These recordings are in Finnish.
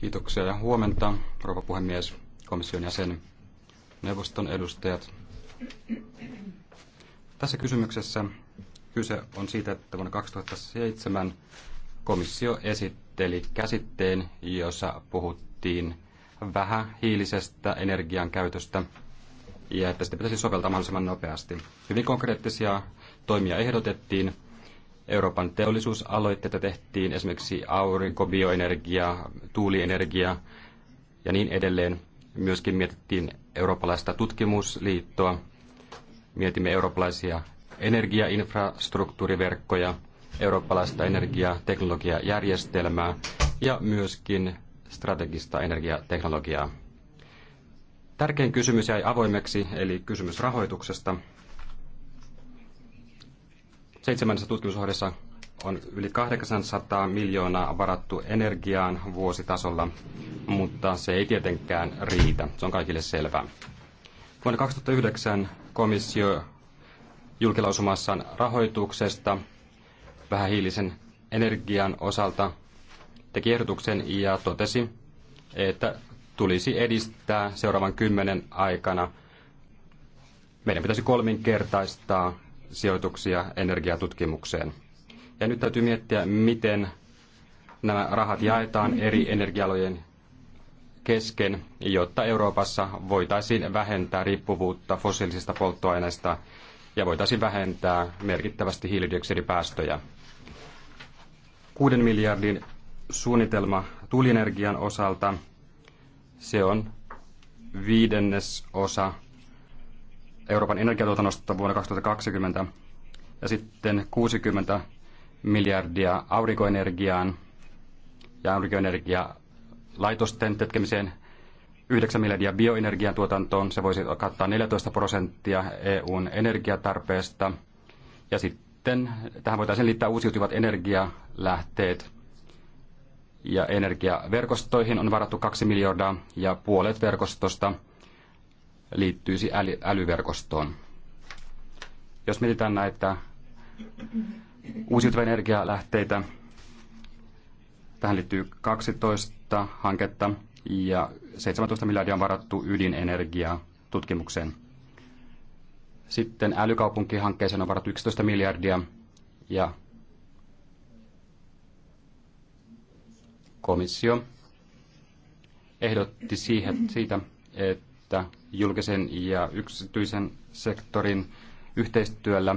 Kiitoksia ja huomenta, rouva puhemies, komission jäsen, neuvoston edustajat. Tässä kysymyksessä kyse on siitä, että vuonna 2007 komissio esitteli käsitteen, jossa puhuttiin vähähiilisestä energian käytöstä ja että sitä pitäisi soveltaa mahdollisimman nopeasti. Hyvin konkreettisia toimia ehdotettiin Euroopan teollisuusaloitteita tehtiin, esimerkiksi aurinko, bioenergia, tuulienergia ja niin edelleen. Myöskin mietittiin eurooppalaista tutkimusliittoa, mietimme eurooppalaisia energiainfrastruktuuriverkkoja, eurooppalaista energiateknologiajärjestelmää ja myöskin strategista energiateknologiaa. Tärkein kysymys jäi avoimeksi, eli kysymys rahoituksesta. Seitsemännessä tutkimusohjeessa on yli 800 miljoonaa varattu energiaan vuositasolla, mutta se ei tietenkään riitä. Se on kaikille selvää. Vuonna 2009 komissio julkilausumassaan rahoituksesta vähähiilisen energian osalta teki ehdotuksen ja totesi, että tulisi edistää seuraavan kymmenen aikana. Meidän pitäisi kolminkertaistaa sijoituksia energiatutkimukseen. Ja nyt täytyy miettiä, miten nämä rahat jaetaan eri energialojen kesken, jotta Euroopassa voitaisiin vähentää riippuvuutta fossiilisista polttoaineista ja voitaisiin vähentää merkittävästi hiilidioksidipäästöjä. 6 miljardin suunnitelma tulienergian osalta, se on viidennes osa Euroopan energiatuotannosta vuonna 2020 ja sitten 60 miljardia aurinkoenergiaan ja laitosten tekemiseen, 9 miljardia bioenergian tuotantoon, se voisi kattaa 14 prosenttia EUn energiatarpeesta ja sitten tähän voitaisiin liittää uusiutuvat energialähteet ja energiaverkostoihin on varattu 2 miljardia ja puolet verkostosta – liittyisi äly, älyverkostoon. Jos mietitään näitä uusiutuvia energialähteitä, tähän liittyy 12 hanketta ja 17 miljardia on varattu ydinenergiaa tutkimukseen. Sitten älykaupunkihankkeeseen on varattu 11 miljardia ja komissio ehdotti siihen, siitä, että julkisen ja yksityisen sektorin yhteistyöllä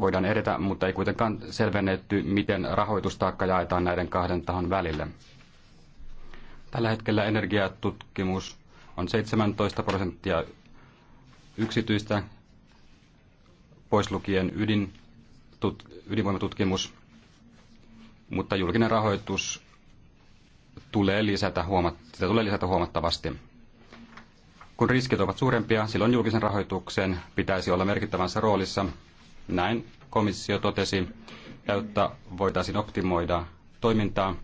voidaan edetä, mutta ei kuitenkaan selvennetty, miten rahoitustaakka jaetaan näiden kahden tahon välille. Tällä hetkellä energiatutkimus on 17 prosenttia yksityistä, poislukien ydin, tut, ydinvoimatutkimus, mutta julkinen rahoitus tulee lisätä, huomat, sitä tulee lisätä huomattavasti. Kun riskit ovat suurempia, silloin julkisen rahoituksen pitäisi olla merkittävässä roolissa. Näin komissio totesi, jotta voitaisiin optimoida toimintaa,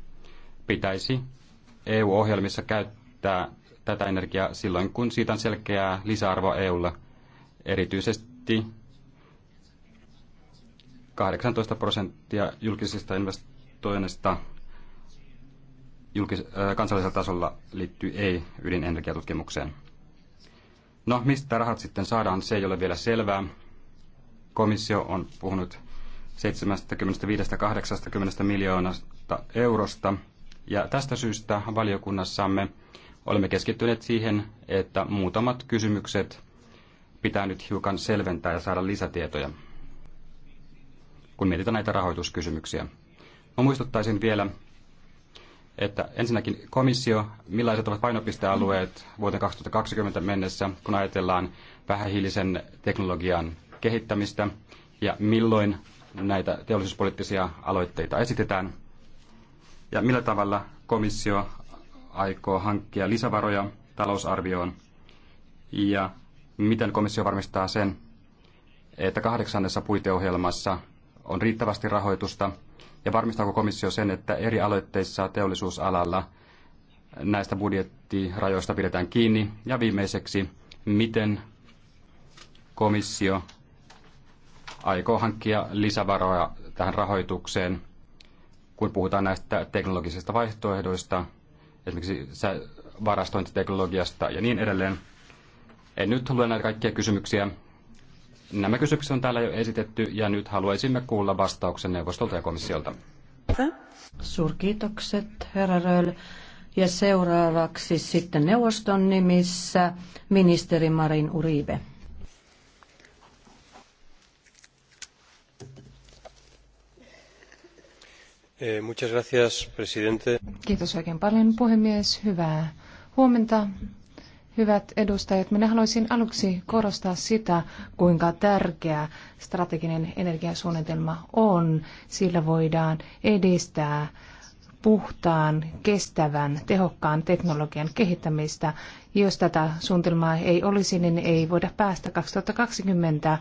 pitäisi EU-ohjelmissa käyttää tätä energiaa silloin, kun siitä on selkeää lisäarvoa EUlla, erityisesti 18 prosenttia julkisista investoinneista julkis- kansallisella tasolla liittyy ei-ydinenergiatutkimukseen. No, mistä rahat sitten saadaan, se ei ole vielä selvää. Komissio on puhunut 75-80 miljoonasta eurosta. Ja tästä syystä valiokunnassamme olemme keskittyneet siihen, että muutamat kysymykset pitää nyt hiukan selventää ja saada lisätietoja, kun mietitään näitä rahoituskysymyksiä. Mä muistuttaisin vielä, että ensinnäkin komissio, millaiset ovat painopistealueet vuoteen 2020 mennessä, kun ajatellaan vähähiilisen teknologian kehittämistä ja milloin näitä teollisuuspoliittisia aloitteita esitetään ja millä tavalla komissio aikoo hankkia lisävaroja talousarvioon ja miten komissio varmistaa sen, että kahdeksannessa puiteohjelmassa on riittävästi rahoitusta – ja varmistaako komissio sen, että eri aloitteissa teollisuusalalla näistä budjettirajoista pidetään kiinni? Ja viimeiseksi, miten komissio aikoo hankkia lisävaroja tähän rahoitukseen, kun puhutaan näistä teknologisista vaihtoehdoista, esimerkiksi varastointiteknologiasta ja niin edelleen. En nyt lue näitä kaikkia kysymyksiä, Nämä kysymykset on täällä jo esitetty ja nyt haluaisimme kuulla vastauksen neuvostolta ja komissiolta. Suurkiitokset, herra Röl. Ja seuraavaksi sitten neuvoston nimissä ministeri Marin Uribe. Eh, muchas gracias, presidente. Kiitos oikein paljon, puhemies. Hyvää huomenta, Hyvät edustajat, minä haluaisin aluksi korostaa sitä, kuinka tärkeä strateginen energiasuunnitelma on. Sillä voidaan edistää puhtaan, kestävän, tehokkaan teknologian kehittämistä. Jos tätä suunnitelmaa ei olisi, niin ei voida päästä 2020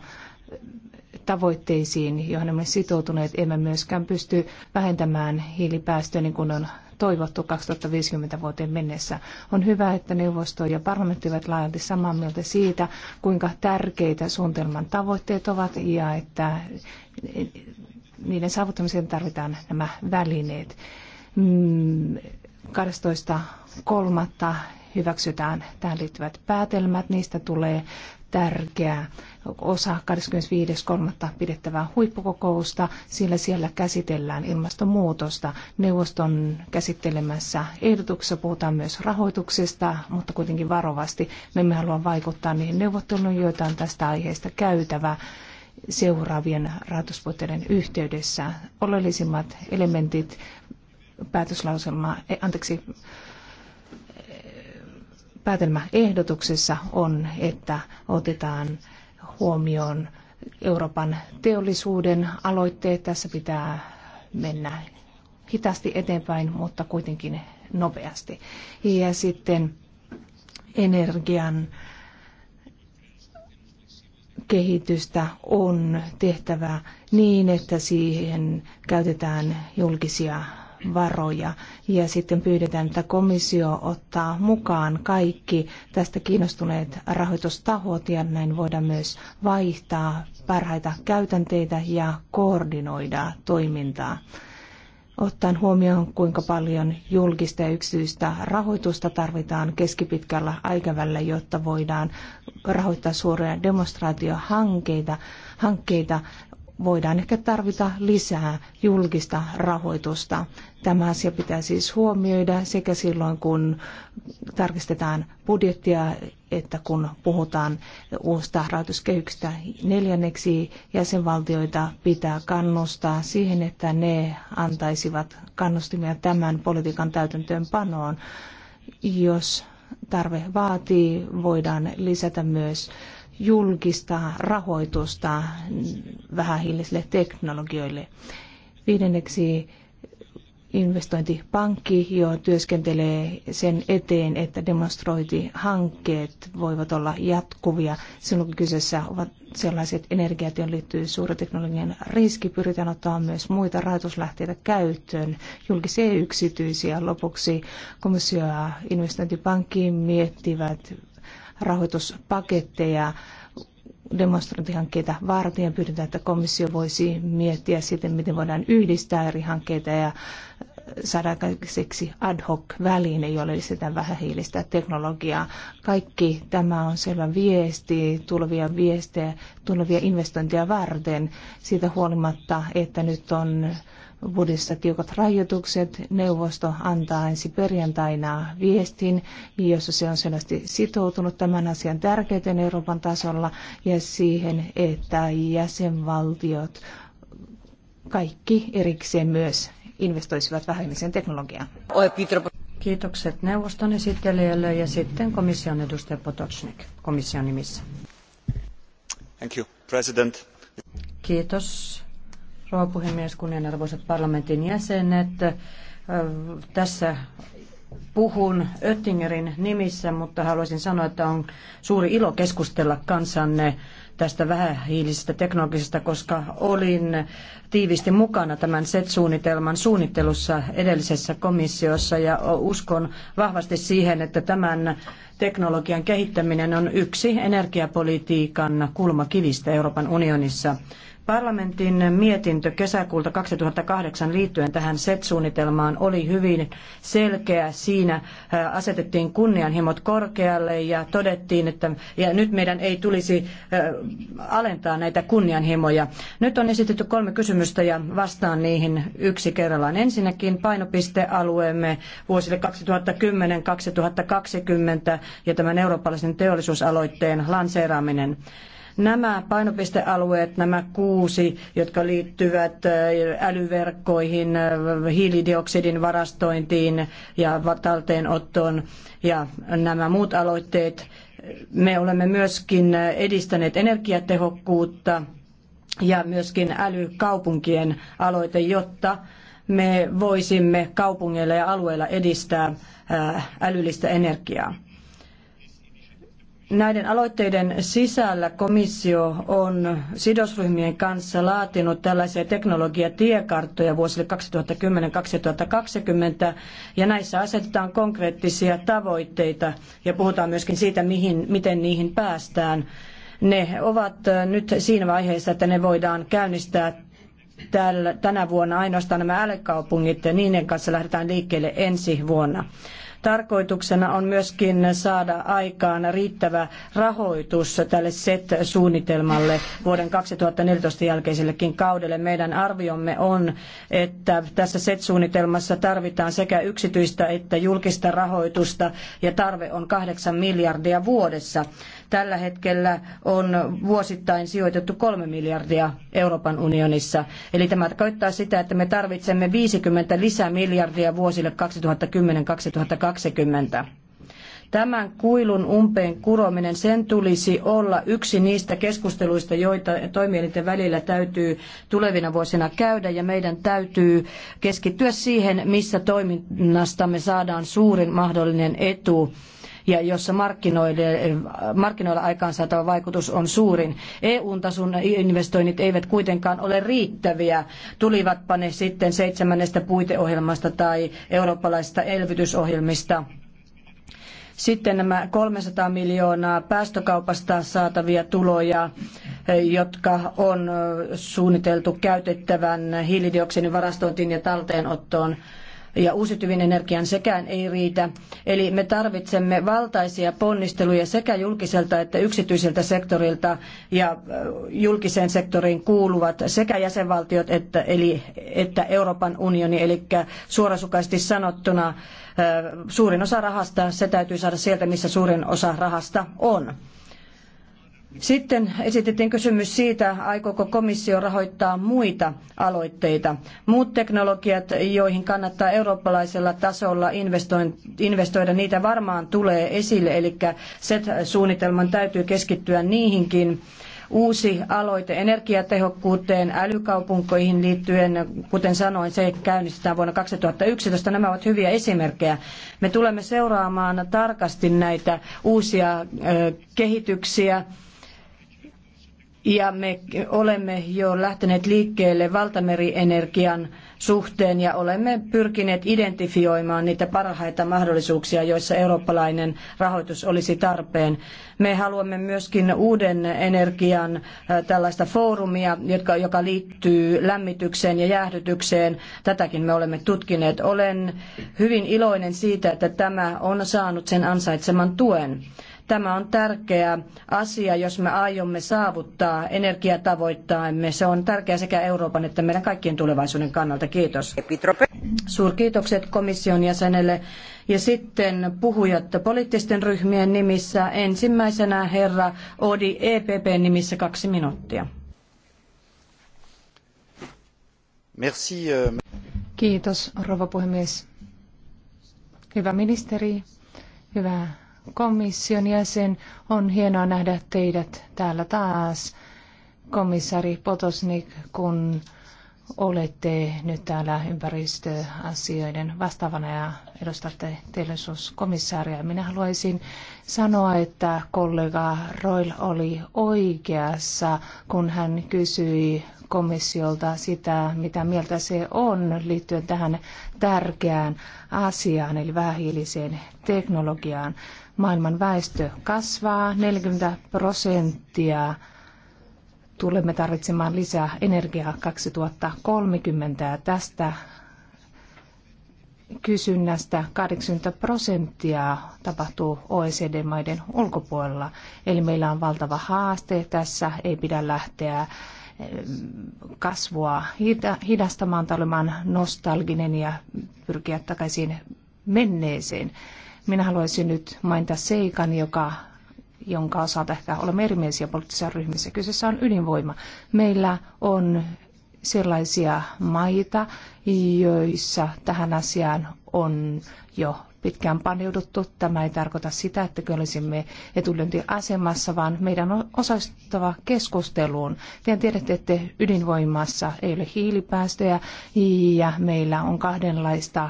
tavoitteisiin, joihin olemme sitoutuneet, emme myöskään pysty vähentämään hiilipäästöjä niin kuin on toivottu 2050 vuoteen mennessä. On hyvä, että neuvosto ja parlamentti ovat laajalti samaa mieltä siitä, kuinka tärkeitä suunnitelman tavoitteet ovat ja että niiden saavuttamiseen tarvitaan nämä välineet. 12.3. Mm, hyväksytään tähän liittyvät päätelmät. Niistä tulee tärkeä osa 25.3. pidettävää huippukokousta, sillä siellä käsitellään ilmastonmuutosta. Neuvoston käsittelemässä ehdotuksessa puhutaan myös rahoituksesta, mutta kuitenkin varovasti. Me emme halua vaikuttaa niihin neuvotteluihin, joita on tästä aiheesta käytävä seuraavien rahoituspuitteiden yhteydessä. Oleellisimmat elementit päätöslauselma, eh, anteeksi, päätelmäehdotuksessa on, että otetaan huomioon Euroopan teollisuuden aloitteet. Tässä pitää mennä hitaasti eteenpäin, mutta kuitenkin nopeasti. Ja sitten energian kehitystä on tehtävä niin, että siihen käytetään julkisia varoja. Ja sitten pyydetään, että komissio ottaa mukaan kaikki tästä kiinnostuneet rahoitustahot ja näin voidaan myös vaihtaa parhaita käytänteitä ja koordinoida toimintaa ottaen huomioon, kuinka paljon julkista ja yksityistä rahoitusta tarvitaan keskipitkällä aikavälillä, jotta voidaan rahoittaa suuria demonstraatiohankkeita. Hankkeita voidaan ehkä tarvita lisää julkista rahoitusta. Tämä asia pitää siis huomioida sekä silloin, kun tarkistetaan budjettia, että kun puhutaan uusista rahoituskehyksistä neljänneksi, jäsenvaltioita pitää kannustaa siihen, että ne antaisivat kannustimia tämän politiikan täytäntöönpanoon. Jos tarve vaatii, voidaan lisätä myös julkista rahoitusta vähähiilisille teknologioille. Viidenneksi investointipankki jo työskentelee sen eteen, että demonstrointihankkeet voivat olla jatkuvia. Silloin kun kyseessä ovat sellaiset energiat, joihin liittyy suuri teknologian riski, pyritään ottaa myös muita rahoituslähteitä käyttöön, julkisia ja yksityisiä. Lopuksi komissio ja investointipankki miettivät rahoituspaketteja demonstrointihankkeita varten ja pyydetään, että komissio voisi miettiä sitten, miten voidaan yhdistää eri hankkeita ja saada aikaiseksi ad hoc väline, jolle lisätään vähähiilistä teknologiaa. Kaikki tämä on selvä viesti, tulevia viestejä, tulevia investointeja varten, siitä huolimatta, että nyt on budissa tiukat rajoitukset. Neuvosto antaa ensi perjantaina viestin, jossa se on selvästi sitoutunut tämän asian tärkeyteen Euroopan tasolla ja siihen, että jäsenvaltiot kaikki erikseen myös investoisivat vähäiseen teknologiaan. Kiitokset neuvoston esittelijälle ja sitten komission edustaja Potocnik komission nimissä. Thank you, President. Kiitos Rouva puhemies, kunnianarvoiset parlamentin jäsenet. Tässä puhun Öttingerin nimissä, mutta haluaisin sanoa, että on suuri ilo keskustella kansanne tästä vähähiilisestä teknologisesta, koska olin tiivisti mukana tämän SET-suunnitelman suunnittelussa edellisessä komissiossa ja uskon vahvasti siihen, että tämän teknologian kehittäminen on yksi energiapolitiikan kulmakivistä Euroopan unionissa. Parlamentin mietintö kesäkuulta 2008 liittyen tähän SET-suunnitelmaan oli hyvin selkeä. Siinä äh, asetettiin kunnianhimot korkealle ja todettiin, että ja nyt meidän ei tulisi äh, alentaa näitä kunnianhimoja. Nyt on esitetty kolme kysymystä ja vastaan niihin yksi kerrallaan. Ensinnäkin painopistealueemme vuosille 2010-2020 ja tämän eurooppalaisen teollisuusaloitteen lanseeraaminen. Nämä painopistealueet, nämä kuusi, jotka liittyvät äh, älyverkkoihin, äh, hiilidioksidin varastointiin ja talteenottoon ja nämä muut aloitteet, me olemme myöskin edistäneet energiatehokkuutta ja myöskin älykaupunkien aloite, jotta me voisimme kaupungeilla ja alueilla edistää äh, älyllistä energiaa. Näiden aloitteiden sisällä komissio on sidosryhmien kanssa laatinut tällaisia teknologiatiekarttoja vuosille 2010-2020 ja näissä asetetaan konkreettisia tavoitteita ja puhutaan myöskin siitä, mihin, miten niihin päästään. Ne ovat äh, nyt siinä vaiheessa, että ne voidaan käynnistää tänä vuonna ainoastaan nämä älykaupungit ja niiden kanssa lähdetään liikkeelle ensi vuonna. Tarkoituksena on myöskin saada aikaan riittävä rahoitus tälle SET-suunnitelmalle vuoden 2014 jälkeisellekin kaudelle. Meidän arviomme on, että tässä SET-suunnitelmassa tarvitaan sekä yksityistä että julkista rahoitusta ja tarve on kahdeksan miljardia vuodessa. Tällä hetkellä on vuosittain sijoitettu kolme miljardia Euroopan unionissa. Eli tämä tarkoittaa sitä, että me tarvitsemme 50 lisämiljardia vuosille 2010-2020. Tämän kuilun umpeen kurominen, sen tulisi olla yksi niistä keskusteluista, joita toimielinten välillä täytyy tulevina vuosina käydä, ja meidän täytyy keskittyä siihen, missä toiminnastamme saadaan suurin mahdollinen etu ja jossa markkinoilla aikaansaatava vaikutus on suurin. EU-tason investoinnit eivät kuitenkaan ole riittäviä, tulivatpa ne sitten seitsemännestä puiteohjelmasta tai eurooppalaisista elvytysohjelmista. Sitten nämä 300 miljoonaa päästökaupasta saatavia tuloja, jotka on suunniteltu käytettävän hiilidioksidin varastointiin ja talteenottoon ja uusiutuviin energian sekään ei riitä. Eli me tarvitsemme valtaisia ponnisteluja sekä julkiselta että yksityiseltä sektorilta ja julkiseen sektoriin kuuluvat sekä jäsenvaltiot että, eli, että Euroopan unioni, eli suorasukaisesti sanottuna suurin osa rahasta, se täytyy saada sieltä, missä suurin osa rahasta on. Sitten esitettiin kysymys siitä, aikooko komissio rahoittaa muita aloitteita. Muut teknologiat, joihin kannattaa eurooppalaisella tasolla investoida, niitä varmaan tulee esille, eli SET-suunnitelman täytyy keskittyä niihinkin uusi aloite energiatehokkuuteen, älykaupunkoihin liittyen, kuten sanoin, se käynnistetään vuonna 2011. Nämä ovat hyviä esimerkkejä. Me tulemme seuraamaan tarkasti näitä uusia kehityksiä ja me olemme jo lähteneet liikkeelle valtamerienergian suhteen ja olemme pyrkineet identifioimaan niitä parhaita mahdollisuuksia, joissa eurooppalainen rahoitus olisi tarpeen. Me haluamme myöskin uuden energian äh, tällaista foorumia, joka liittyy lämmitykseen ja jäähdytykseen. Tätäkin me olemme tutkineet. Olen hyvin iloinen siitä, että tämä on saanut sen ansaitseman tuen. Tämä on tärkeä asia, jos me aiomme saavuttaa energiatavoittaamme. Se on tärkeä sekä Euroopan että meidän kaikkien tulevaisuuden kannalta. Kiitos. Suurkiitokset komission jäsenelle. Ja sitten puhujat poliittisten ryhmien nimissä. Ensimmäisenä herra Odi EPP nimissä kaksi minuuttia. Merci. Euh, Kiitos, rouva puhemies. Hyvä ministeri, hyvä komission jäsen. On hienoa nähdä teidät täällä taas, komissari Potosnik, kun olette nyt täällä ympäristöasioiden vastaavana ja edustatte teollisuuskomissaaria. Minä haluaisin sanoa, että kollega Royl oli oikeassa, kun hän kysyi komissiolta sitä, mitä mieltä se on liittyen tähän tärkeään asiaan, eli vähähiiliseen teknologiaan maailman väestö kasvaa, 40 prosenttia tulemme tarvitsemaan lisää energiaa 2030 ja tästä kysynnästä 80 prosenttia tapahtuu OECD-maiden ulkopuolella. Eli meillä on valtava haaste tässä, ei pidä lähteä eh, kasvua hidastamaan tai olemaan nostalginen ja pyrkiä takaisin menneeseen. Minä haluaisin nyt mainita seikan, joka, jonka osalta ehkä olemme erimielisiä poliittisissa ryhmissä. Kyseessä on ydinvoima. Meillä on sellaisia maita, joissa tähän asiaan on jo pitkään paneuduttu. Tämä ei tarkoita sitä, että olisimme etulyöntiasemassa, vaan meidän on osallistuttava keskusteluun. Tehän tiedätte, että ydinvoimassa ei ole hiilipäästöjä ja meillä on kahdenlaista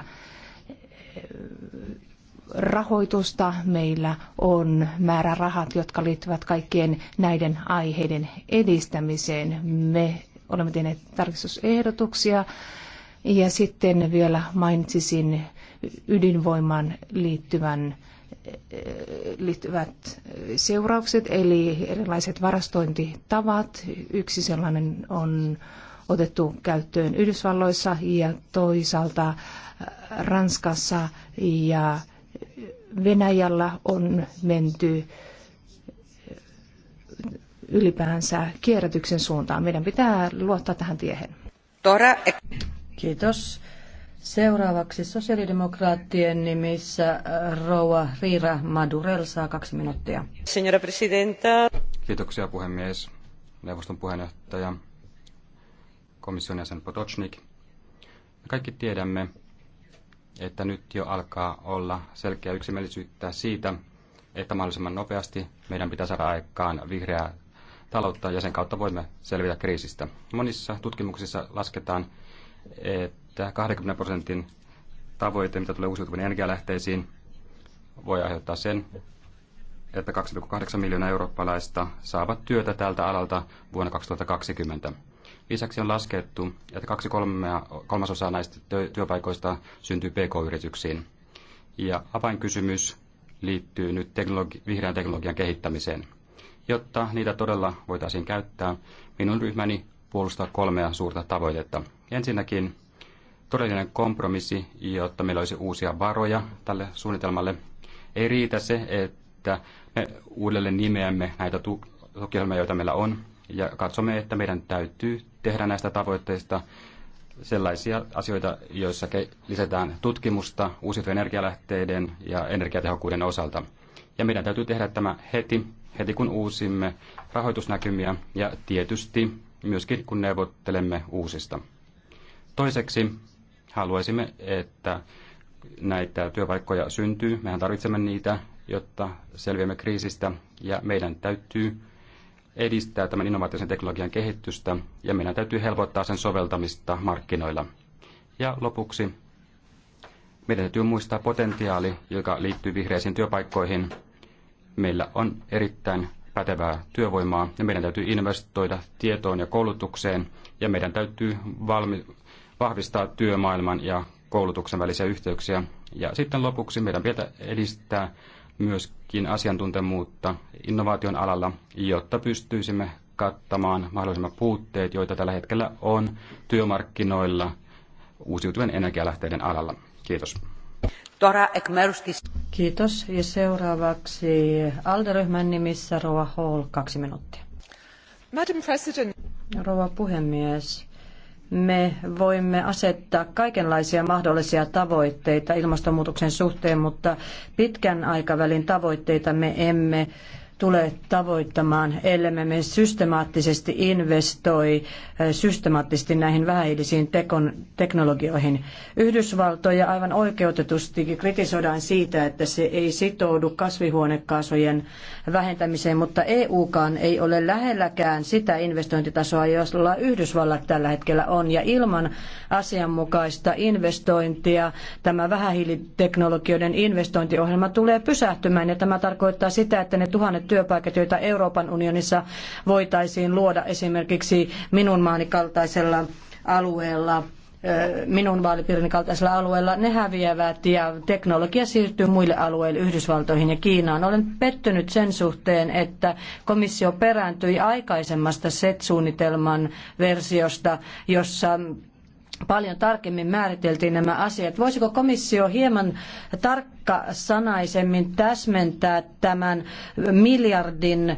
rahoitusta, meillä on määrärahat, jotka liittyvät kaikkien näiden aiheiden edistämiseen. Me olemme tehneet tarkistusehdotuksia ja sitten vielä mainitsisin ydinvoimaan liittyvän liittyvät seuraukset, eli erilaiset varastointitavat. Yksi sellainen on otettu käyttöön Yhdysvalloissa ja toisaalta Ranskassa ja Venäjällä on menty ylipäänsä kierrätyksen suuntaan. Meidän pitää luottaa tähän tiehen. Tora. E- Kiitos. Seuraavaksi sosiaalidemokraattien nimissä äh, rouva Riira Madurel saa kaksi minuuttia. Signora Presidenta. Kiitoksia puhemies, neuvoston puheenjohtaja, komission jäsen Potocnik. Me kaikki tiedämme, että nyt jo alkaa olla selkeä yksimielisyyttä siitä, että mahdollisimman nopeasti meidän pitää saada aikaan vihreää taloutta ja sen kautta voimme selvitä kriisistä. Monissa tutkimuksissa lasketaan, että 20 prosentin tavoite, mitä tulee uusiutuvien energialähteisiin, voi aiheuttaa sen, että 2,8 miljoonaa eurooppalaista saavat työtä tältä alalta vuonna 2020. Lisäksi on laskettu, että kaksi kolmasosaa näistä työpaikoista syntyy pk-yrityksiin. Ja avainkysymys liittyy nyt teknologi- vihreän teknologian kehittämiseen. Jotta niitä todella voitaisiin käyttää, minun ryhmäni puolustaa kolmea suurta tavoitetta. Ensinnäkin todellinen kompromissi, jotta meillä olisi uusia varoja tälle suunnitelmalle. Ei riitä se, että me uudelleen nimeämme näitä tukiohjelmia, joita meillä on, ja katsomme, että meidän täytyy tehdä näistä tavoitteista sellaisia asioita, joissa lisätään tutkimusta uusiutuvien energialähteiden ja energiatehokkuuden osalta. Ja meidän täytyy tehdä tämä heti, heti kun uusimme rahoitusnäkymiä ja tietysti myöskin kun neuvottelemme uusista. Toiseksi haluaisimme, että näitä työpaikkoja syntyy. Mehän tarvitsemme niitä, jotta selviämme kriisistä ja meidän täytyy edistää tämän innovatiivisen teknologian kehitystä ja meidän täytyy helpottaa sen soveltamista markkinoilla. Ja lopuksi meidän täytyy muistaa potentiaali, joka liittyy vihreisiin työpaikkoihin. Meillä on erittäin pätevää työvoimaa ja meidän täytyy investoida tietoon ja koulutukseen ja meidän täytyy valmi- vahvistaa työmaailman ja koulutuksen välisiä yhteyksiä. Ja sitten lopuksi meidän pitää edistää myöskin asiantuntemuutta innovaation alalla, jotta pystyisimme kattamaan mahdollisimman puutteet, joita tällä hetkellä on työmarkkinoilla uusiutuvien energialähteiden alalla. Kiitos. Kiitos. Ja seuraavaksi Alderyhmän nimissä Roa Hall, kaksi minuuttia. Madam President. Rouva puhemies, me voimme asettaa kaikenlaisia mahdollisia tavoitteita ilmastonmuutoksen suhteen, mutta pitkän aikavälin tavoitteita me emme tule tavoittamaan, ellemme me systemaattisesti investoi systemaattisesti näihin vähähiilisiin teknologioihin. Yhdysvaltoja aivan oikeutetusti kritisoidaan siitä, että se ei sitoudu kasvihuonekaasujen vähentämiseen, mutta EUkaan ei ole lähelläkään sitä investointitasoa, jolla Yhdysvallat tällä hetkellä on. Ja ilman asianmukaista investointia tämä vähähiiliteknologioiden investointiohjelma tulee pysähtymään ja tämä tarkoittaa sitä, että ne tuhannet työpaikat, joita Euroopan unionissa voitaisiin luoda esimerkiksi minun maani kaltaisella alueella minun vaalipiirini kaltaisella alueella, ne häviävät ja teknologia siirtyy muille alueille, Yhdysvaltoihin ja Kiinaan. Olen pettynyt sen suhteen, että komissio perääntyi aikaisemmasta SET-suunnitelman versiosta, jossa paljon tarkemmin määriteltiin nämä asiat. Voisiko komissio hieman tarkkasanaisemmin täsmentää tämän miljardin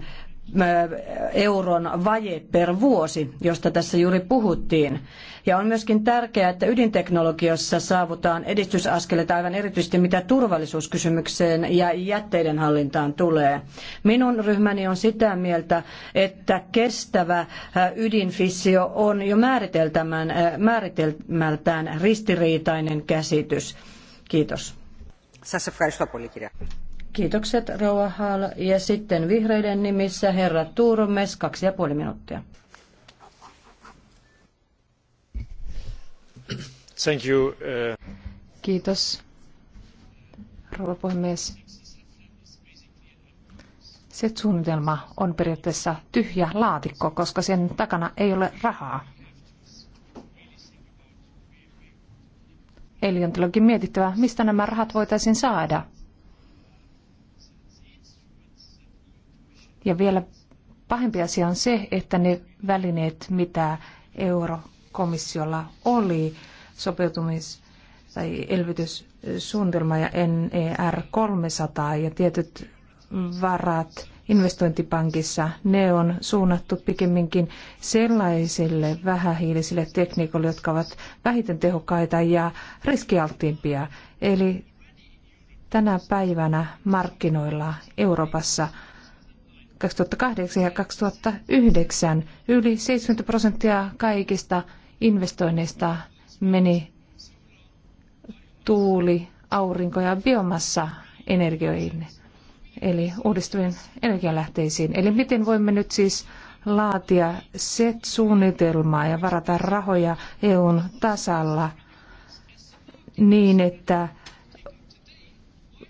euron vaje per vuosi, josta tässä juuri puhuttiin. Ja on myöskin tärkeää, että ydinteknologiassa saavutaan edistysaskeleita aivan erityisesti mitä turvallisuuskysymykseen ja jätteiden hallintaan tulee. Minun ryhmäni on sitä mieltä, että kestävä ydinfissio on jo määritelmältään ristiriitainen käsitys. Kiitos. Kiitokset Rouva Ja sitten vihreiden nimissä herra Tuurumes, kaksi ja puoli minuuttia. Thank you. Uh, Kiitos, rouva puhemies. SET-suunnitelma on periaatteessa tyhjä laatikko, koska sen takana ei ole rahaa. Eli on tietenkin mietittävä, mistä nämä rahat voitaisiin saada. Ja vielä pahempi asia on se, että ne välineet, mitä eurokomissiolla oli, sopeutumis- tai elvytyssuunnitelma ja NER 300 ja tietyt varat investointipankissa, ne on suunnattu pikemminkin sellaisille vähähiilisille tekniikoille, jotka ovat vähiten tehokkaita ja riskialttiimpia. Eli tänä päivänä markkinoilla Euroopassa 2008 ja 2009 yli 70 prosenttia kaikista investoinneista meni tuuli, aurinko ja biomassa energioihin, eli uudistuviin energialähteisiin. Eli miten voimme nyt siis laatia SET-suunnitelmaa ja varata rahoja EUn tasalla niin, että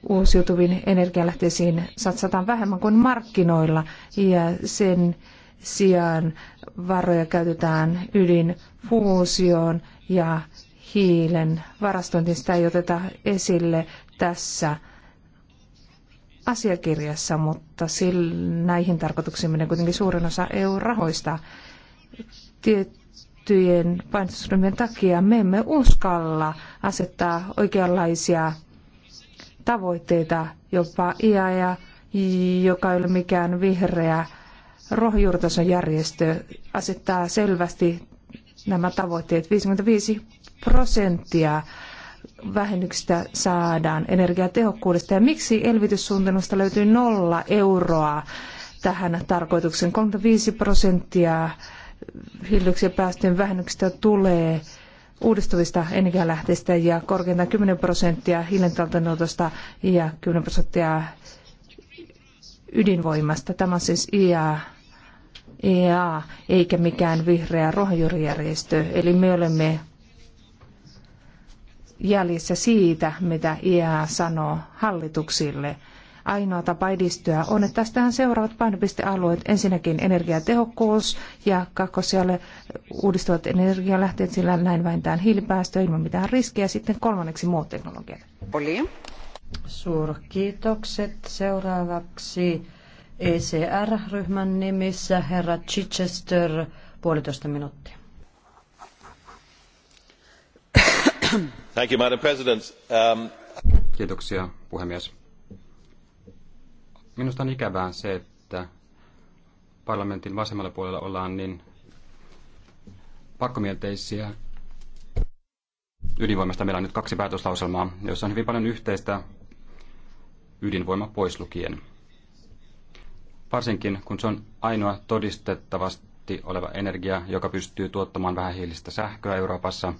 uusiutuviin energialähteisiin satsataan vähemmän kuin markkinoilla ja sen sijaan varoja käytetään ydinfuusioon ja hiilen varastointiin. Sitä ei oteta esille tässä asiakirjassa, mutta näihin tarkoituksiin menee kuitenkin suurin osa EU-rahoista. Tiettyjen painostusryhmien takia me emme uskalla asettaa oikeanlaisia tavoitteita, jopa IAEA, joka ei ole mikään vihreä Ruohonjuuritason järjestö asettaa selvästi nämä tavoitteet. 55 prosenttia vähennyksistä saadaan energiatehokkuudesta ja miksi elvytyssuunnitelmasta löytyy nolla euroa tähän tarkoitukseen. 35 prosenttia hiilidioksidipäästöjen vähennyksistä tulee uudistuvista energialähteistä ja korkeintaan 10 prosenttia hiilen talteenotosta ja 10 prosenttia ydinvoimasta. Tämä on siis IA EA eikä mikään vihreä rohjurijärjestö. Eli me olemme jäljessä siitä, mitä EA sanoo hallituksille. Ainoa tapa edistyä on, että tästähän seuraavat painopistealueet. Ensinnäkin energiatehokkuus ja kakkosijalle uudistuvat energialähteet, sillä näin vähintään hiilipäästöä ilman mitään riskiä. Sitten kolmanneksi muut teknologiat. Oli. Suurkiitokset. Seuraavaksi ECR-ryhmän nimissä herra Chichester, puolitoista minuuttia. Thank you, Madam President. Um... Kiitoksia, puhemies. Minusta on ikävää se, että parlamentin vasemmalla puolella ollaan niin pakkomielteisiä ydinvoimasta. Meillä on nyt kaksi päätöslauselmaa, joissa on hyvin paljon yhteistä ydinvoima pois lukien varsinkin kun se on ainoa todistettavasti oleva energia, joka pystyy tuottamaan vähähiilistä sähköä Euroopassa.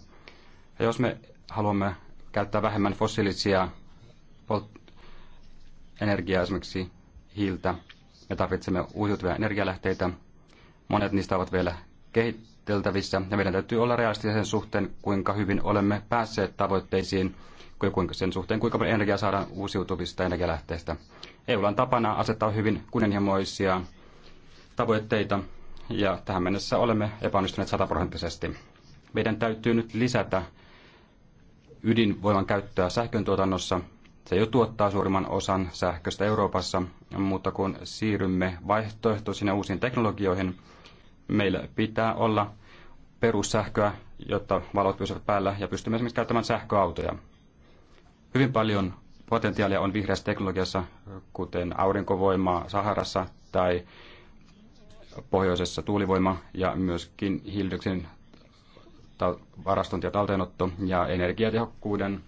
Ja jos me haluamme käyttää vähemmän fossiilisia energiaa, esimerkiksi hiiltä, me tarvitsemme uusiutuvia energialähteitä. Monet niistä ovat vielä kehiteltävissä ja meidän täytyy olla realistisia sen suhteen, kuinka hyvin olemme päässeet tavoitteisiin, kuinka sen suhteen, kuinka paljon energiaa saadaan uusiutuvista energialähteistä. EUlla on tapana asettaa hyvin kunnianhimoisia tavoitteita ja tähän mennessä olemme epäonnistuneet sataprosenttisesti. Meidän täytyy nyt lisätä ydinvoiman käyttöä sähköntuotannossa. Se jo tuottaa suurimman osan sähköstä Euroopassa, mutta kun siirrymme vaihtoehtoisiin ja uusiin teknologioihin, meillä pitää olla perussähköä, jotta valot pysyvät päällä ja pystymme esimerkiksi käyttämään sähköautoja. Hyvin paljon potentiaalia on vihreässä teknologiassa, kuten aurinkovoimaa Saharassa tai pohjoisessa tuulivoima ja myöskin hiilidioksidin varastointi ja talteenotto ja energiatehokkuuden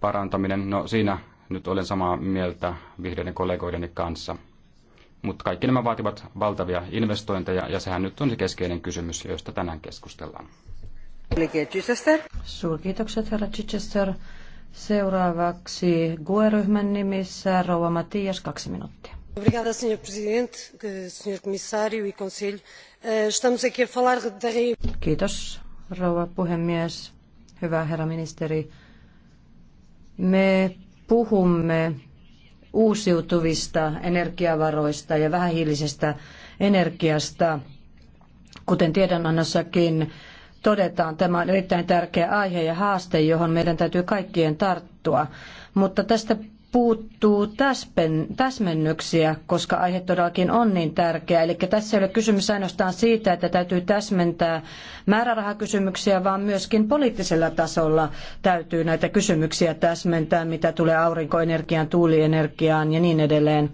parantaminen. No siinä nyt olen samaa mieltä vihreiden kollegoideni kanssa. Mutta kaikki nämä vaativat valtavia investointeja ja sehän nyt on se keskeinen kysymys, josta tänään keskustellaan. Suurkiitokset herra Chichester. Seuraavaksi GUE-ryhmän nimissä Rouva Matias, kaksi minuuttia. Obrigada, Sr. Presidente, Sr. Comissário e Conselho. Eh, estamos aqui a falar da... Kiitos, rouva puhemies. Hyvä herra ministeri. Me puhumme uusiutuvista energiavaroista ja vähähiilisestä energiasta. Kuten tiedonannossakin todetaan. Tämä on erittäin tärkeä aihe ja haaste, johon meidän täytyy kaikkien tarttua. Mutta tästä puuttuu täspen, täsmennyksiä, koska aihe todellakin on niin tärkeä. Eli tässä ei ole kysymys ainoastaan siitä, että täytyy täsmentää määrärahakysymyksiä, vaan myöskin poliittisella tasolla täytyy näitä kysymyksiä täsmentää, mitä tulee aurinkoenergiaan, tuulienergiaan ja niin edelleen.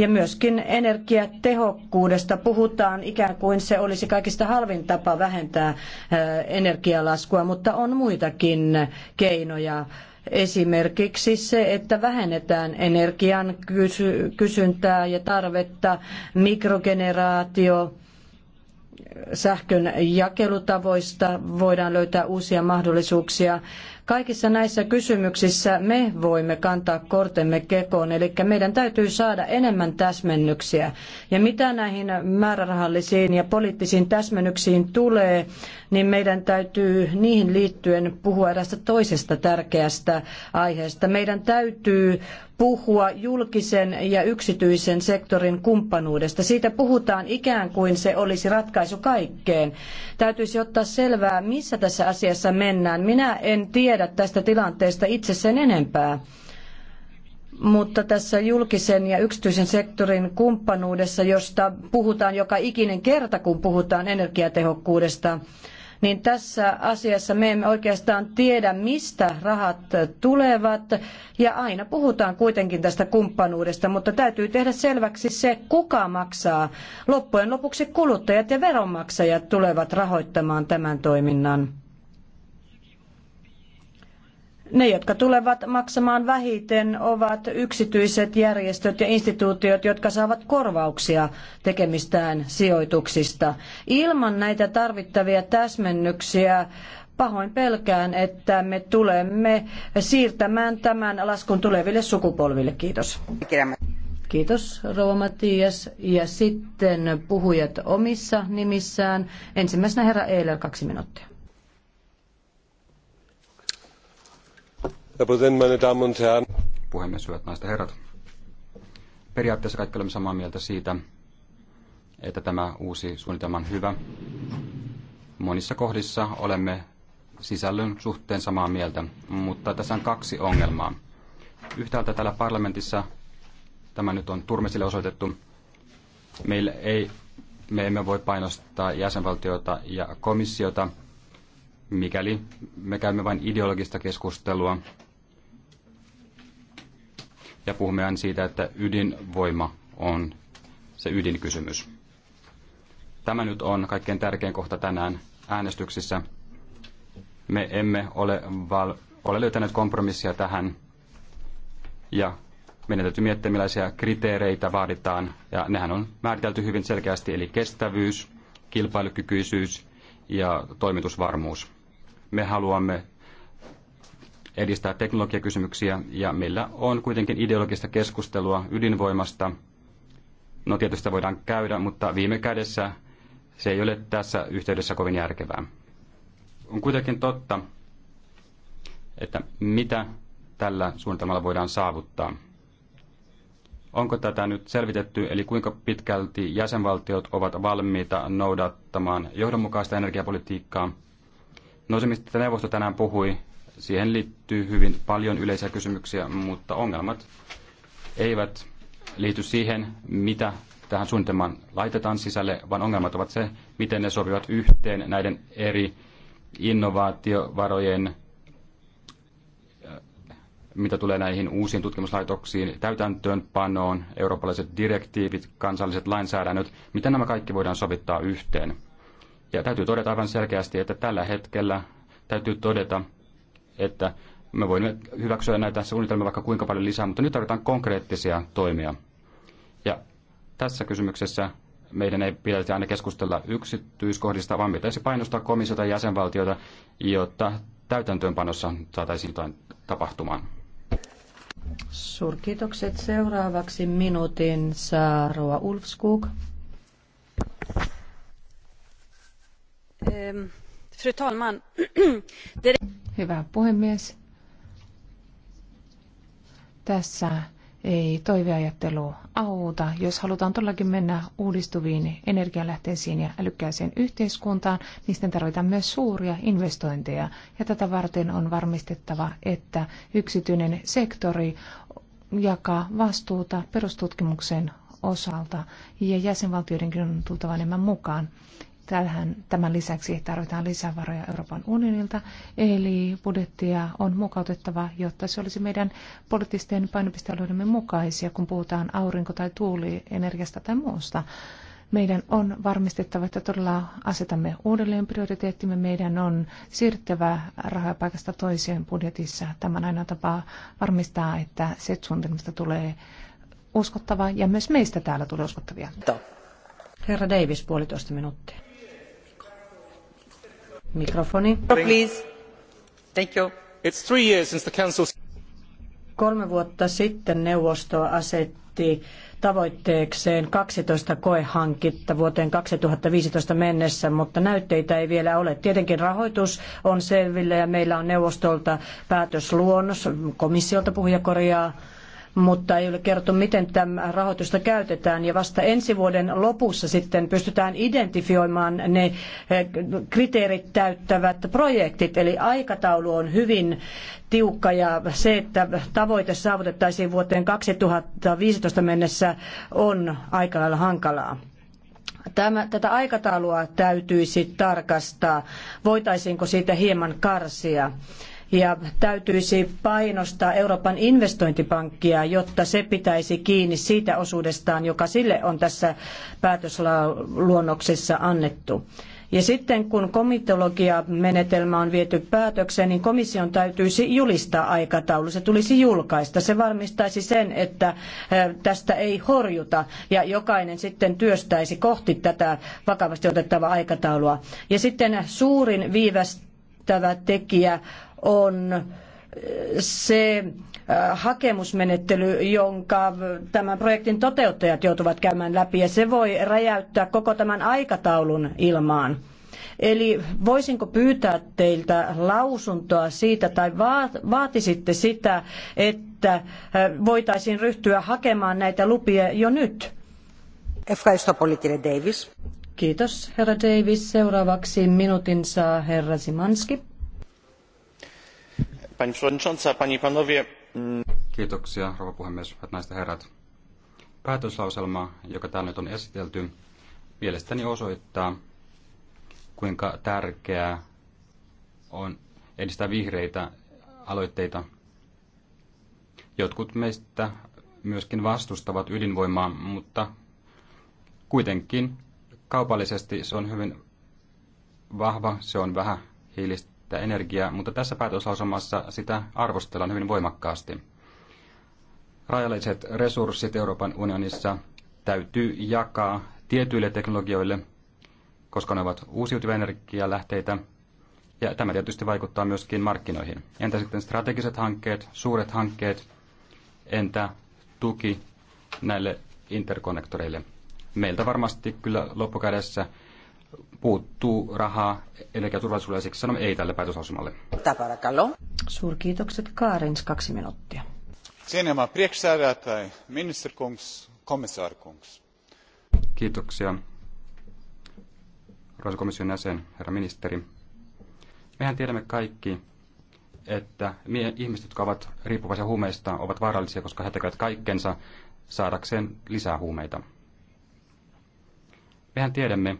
Ja myöskin energiatehokkuudesta puhutaan ikään kuin se olisi kaikista halvin tapa vähentää energialaskua, mutta on muitakin keinoja. Esimerkiksi se, että vähennetään energian kysyntää ja tarvetta, mikrogeneraatio, sähkön jakelutavoista voidaan löytää uusia mahdollisuuksia. Kaikissa näissä kysymyksissä me voimme kantaa kortemme kekoon, eli meidän täytyy saada enemmän täsmennyksiä. Ja mitä näihin määrärahallisiin ja poliittisiin täsmennyksiin tulee, niin meidän täytyy niihin liittyen puhua erästä toisesta tärkeästä aiheesta. Meidän täytyy puhua julkisen ja yksityisen sektorin kumppanuudesta. Siitä puhutaan ikään kuin se olisi ratkaisu kaikkeen. Täytyisi ottaa selvää, missä tässä asiassa mennään. Minä en tiedä tästä tilanteesta itse sen enempää mutta tässä julkisen ja yksityisen sektorin kumppanuudessa, josta puhutaan joka ikinen kerta, kun puhutaan energiatehokkuudesta, niin tässä asiassa me emme oikeastaan tiedä, mistä rahat tulevat. Ja aina puhutaan kuitenkin tästä kumppanuudesta, mutta täytyy tehdä selväksi se, kuka maksaa. Loppujen lopuksi kuluttajat ja veronmaksajat tulevat rahoittamaan tämän toiminnan. Ne, jotka tulevat maksamaan vähiten, ovat yksityiset järjestöt ja instituutiot, jotka saavat korvauksia tekemistään sijoituksista. Ilman näitä tarvittavia täsmennyksiä pahoin pelkään, että me tulemme siirtämään tämän laskun tuleville sukupolville. Kiitos. Kiitos Rouva Mattias. Ja sitten puhujat omissa nimissään. Ensimmäisenä herra Eiler, kaksi minuuttia. Puhemies, hyvät naiset ja herrat. Periaatteessa kaikki olemme samaa mieltä siitä, että tämä uusi suunnitelma on hyvä. Monissa kohdissa olemme sisällön suhteen samaa mieltä, mutta tässä on kaksi ongelmaa. Yhtäältä täällä parlamentissa, tämä nyt on Turmesille osoitettu, meillä ei, me emme voi painostaa jäsenvaltioita ja komissiota, mikäli me käymme vain ideologista keskustelua ja puhumme aina siitä, että ydinvoima on se ydinkysymys. Tämä nyt on kaikkein tärkein kohta tänään äänestyksissä. Me emme ole, val- ole löytäneet kompromissia tähän ja meidän täytyy miettiä, millaisia kriteereitä vaaditaan. Ja nehän on määritelty hyvin selkeästi, eli kestävyys, kilpailukykyisyys ja toimitusvarmuus. Me haluamme edistää teknologiakysymyksiä ja meillä on kuitenkin ideologista keskustelua ydinvoimasta. No tietysti sitä voidaan käydä, mutta viime kädessä se ei ole tässä yhteydessä kovin järkevää. On kuitenkin totta, että mitä tällä suunnitelmalla voidaan saavuttaa. Onko tätä nyt selvitetty, eli kuinka pitkälti jäsenvaltiot ovat valmiita noudattamaan johdonmukaista energiapolitiikkaa? No se, mistä neuvosto tänään puhui, Siihen liittyy hyvin paljon yleisiä kysymyksiä, mutta ongelmat eivät liity siihen, mitä tähän suunnitelmaan laitetaan sisälle, vaan ongelmat ovat se, miten ne sopivat yhteen näiden eri innovaatiovarojen, äh, mitä tulee näihin uusiin tutkimuslaitoksiin, täytäntöönpanoon, eurooppalaiset direktiivit, kansalliset lainsäädännöt, miten nämä kaikki voidaan sovittaa yhteen. Ja täytyy todeta aivan selkeästi, että tällä hetkellä täytyy todeta, että me voimme hyväksyä näitä suunnitelmia vaikka kuinka paljon lisää, mutta nyt tarvitaan konkreettisia toimia. Ja tässä kysymyksessä meidän ei pitäisi aina keskustella yksityiskohdista, vaan pitäisi painostaa komissiota ja jäsenvaltiota, jotta täytäntöönpanossa saataisiin jotain tapahtumaan. Suurkiitokset. Seuraavaksi minuutin saa Roa Ulfskog. Fru talman. Hyvä puhemies. Tässä ei toiveajattelu auta. Jos halutaan todellakin mennä uudistuviin energialähteisiin ja älykkääseen yhteiskuntaan, niin sitten tarvitaan myös suuria investointeja. Ja tätä varten on varmistettava, että yksityinen sektori jakaa vastuuta perustutkimuksen osalta ja jäsenvaltioidenkin on tultava enemmän mukaan. Tähän, tämän lisäksi tarvitaan lisävaroja Euroopan unionilta, eli budjettia on mukautettava, jotta se olisi meidän poliittisten painopistealueidemme mukaisia, kun puhutaan aurinko- tai tuulienergiasta tai muusta. Meidän on varmistettava, että todella asetamme uudelleen prioriteettimme. Meidän on siirtävä rahoja paikasta toiseen budjetissa. Tämä on aina tapa varmistaa, että se suunnitelmista tulee uskottava ja myös meistä täällä tulee uskottavia. Herra Davis, puolitoista minuuttia. Kolme vuotta sitten neuvosto asetti tavoitteekseen 12 koehankitta vuoteen 2015 mennessä, mutta näytteitä ei vielä ole. Tietenkin rahoitus on selvillä ja meillä on neuvostolta päätösluonnos, komissiolta puhuja korjaa, mutta ei ole kerrottu, miten tämä rahoitusta käytetään. Ja vasta ensi vuoden lopussa sitten pystytään identifioimaan ne eh, kriteerit täyttävät projektit. Eli aikataulu on hyvin tiukka ja se, että tavoite saavutettaisiin vuoteen 2015 mennessä on aika lailla hankalaa. Tämä, tätä aikataulua täytyisi tarkastaa. Voitaisiinko siitä hieman karsia? ja täytyisi painostaa Euroopan investointipankkia, jotta se pitäisi kiinni siitä osuudestaan, joka sille on tässä päätösluonnoksessa annettu. Ja sitten kun komitologiamenetelmä on viety päätökseen, niin komission täytyisi julistaa aikataulu. Se tulisi julkaista. Se varmistaisi sen, että eh, tästä ei horjuta ja jokainen sitten työstäisi kohti tätä vakavasti otettavaa aikataulua. Ja sitten suurin viivästävä tekijä on se äh, hakemusmenettely, jonka tämän projektin toteuttajat joutuvat käymään läpi, ja se voi räjäyttää koko tämän aikataulun ilmaan. Eli voisinko pyytää teiltä lausuntoa siitä tai vaatisitte sitä, että äh, voitaisiin ryhtyä hakemaan näitä lupia jo nyt? Kiitos, herra Davis. Seuraavaksi minuutin saa herra Simanski pani przewodnicząca, pani panowie. Mm, Kiitoksia, rouva puhemies, hyvät naiset herrat. Päätöslauselma, joka täällä nyt on esitelty, mielestäni osoittaa, kuinka tärkeää on edistää vihreitä aloitteita. Jotkut meistä myöskin vastustavat ydinvoimaa, mutta kuitenkin kaupallisesti se on hyvin vahva, se on vähän hiilistä ja energiaa, mutta tässä päätöslausumassa sitä arvostellaan hyvin voimakkaasti. Rajalliset resurssit Euroopan unionissa täytyy jakaa tietyille teknologioille, koska ne ovat uusiutuvia energialähteitä, ja tämä tietysti vaikuttaa myöskin markkinoihin. Entä sitten strategiset hankkeet, suuret hankkeet, entä tuki näille interkonnektoreille? Meiltä varmasti kyllä loppukädessä puuttuu rahaa energiaturvallisuudelle ja siksi sanomme ei tälle päätöslausumalle. Suurkiitokset Kaarins kaksi minuuttia. Cienema tai ministerkungs, komissaarkungs. Kiitoksia. Arvoisa komission jäsen, herra ministeri. Mehän tiedämme kaikki, että ihmiset, jotka ovat riippuvaisia huumeista, ovat vaarallisia, koska he tekevät kaikkensa saadakseen lisää huumeita. Mehän tiedämme,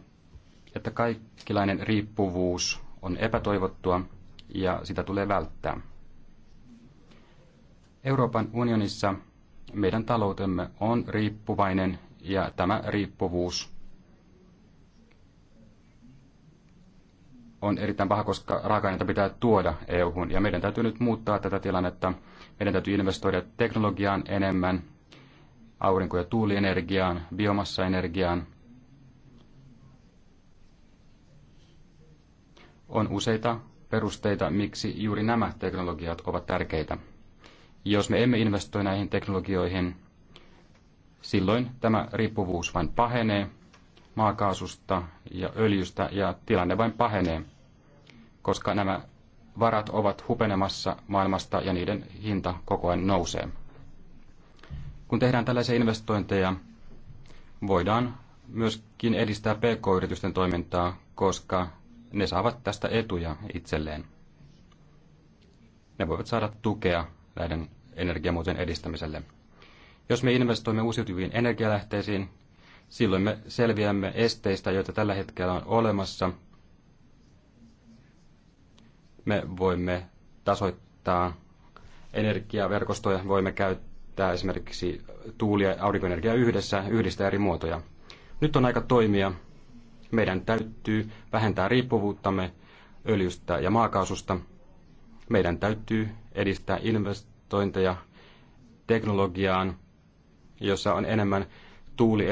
että kaikkilainen riippuvuus on epätoivottua ja sitä tulee välttää. Euroopan unionissa meidän taloutemme on riippuvainen ja tämä riippuvuus on erittäin paha, koska raaka-aineita pitää tuoda EU-hun. Ja meidän täytyy nyt muuttaa tätä tilannetta. Meidän täytyy investoida teknologiaan enemmän, aurinko- ja tuulienergiaan, biomassaenergiaan, On useita perusteita, miksi juuri nämä teknologiat ovat tärkeitä. Jos me emme investoi näihin teknologioihin, silloin tämä riippuvuus vain pahenee maakaasusta ja öljystä ja tilanne vain pahenee, koska nämä varat ovat hupenemassa maailmasta ja niiden hinta koko ajan nousee. Kun tehdään tällaisia investointeja, voidaan myöskin edistää pk-yritysten toimintaa, koska ne saavat tästä etuja itselleen. Ne voivat saada tukea näiden energiamuotojen edistämiselle. Jos me investoimme uusiutuviin energialähteisiin, silloin me selviämme esteistä, joita tällä hetkellä on olemassa. Me voimme tasoittaa energiaverkostoja, voimme käyttää esimerkiksi tuuli- ja aurinkoenergiaa yhdessä, yhdistää eri muotoja. Nyt on aika toimia meidän täytyy vähentää riippuvuuttamme öljystä ja maakaasusta. Meidän täytyy edistää investointeja teknologiaan, jossa on enemmän tuuli,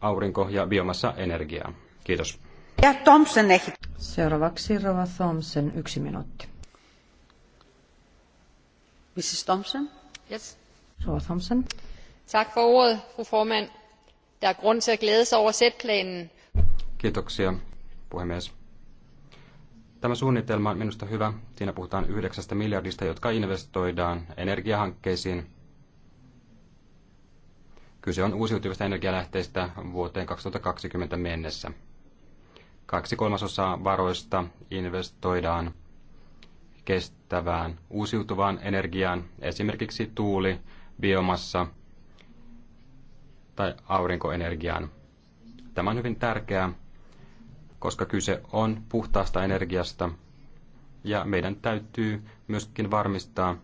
aurinko- ja biomassa-energiaa. Kiitos. Ja Thompson. Seuraavaksi Rova Thompson, yksi minuutti. Mrs. Thompson? Yes. Rova Thompson. Tak for ordet, fru formand. Der er grund til at glæde sig over sætplanen. Kiitoksia, puhemies. Tämä suunnitelma on minusta hyvä. Siinä puhutaan yhdeksästä miljardista, jotka investoidaan energiahankkeisiin. Kyse on uusiutuvista energialähteistä vuoteen 2020 mennessä. Kaksi kolmasosaa varoista investoidaan kestävään uusiutuvaan energiaan, esimerkiksi tuuli, biomassa tai aurinkoenergiaan. Tämä on hyvin tärkeää, koska kyse on puhtaasta energiasta. Ja meidän täytyy myöskin varmistaa,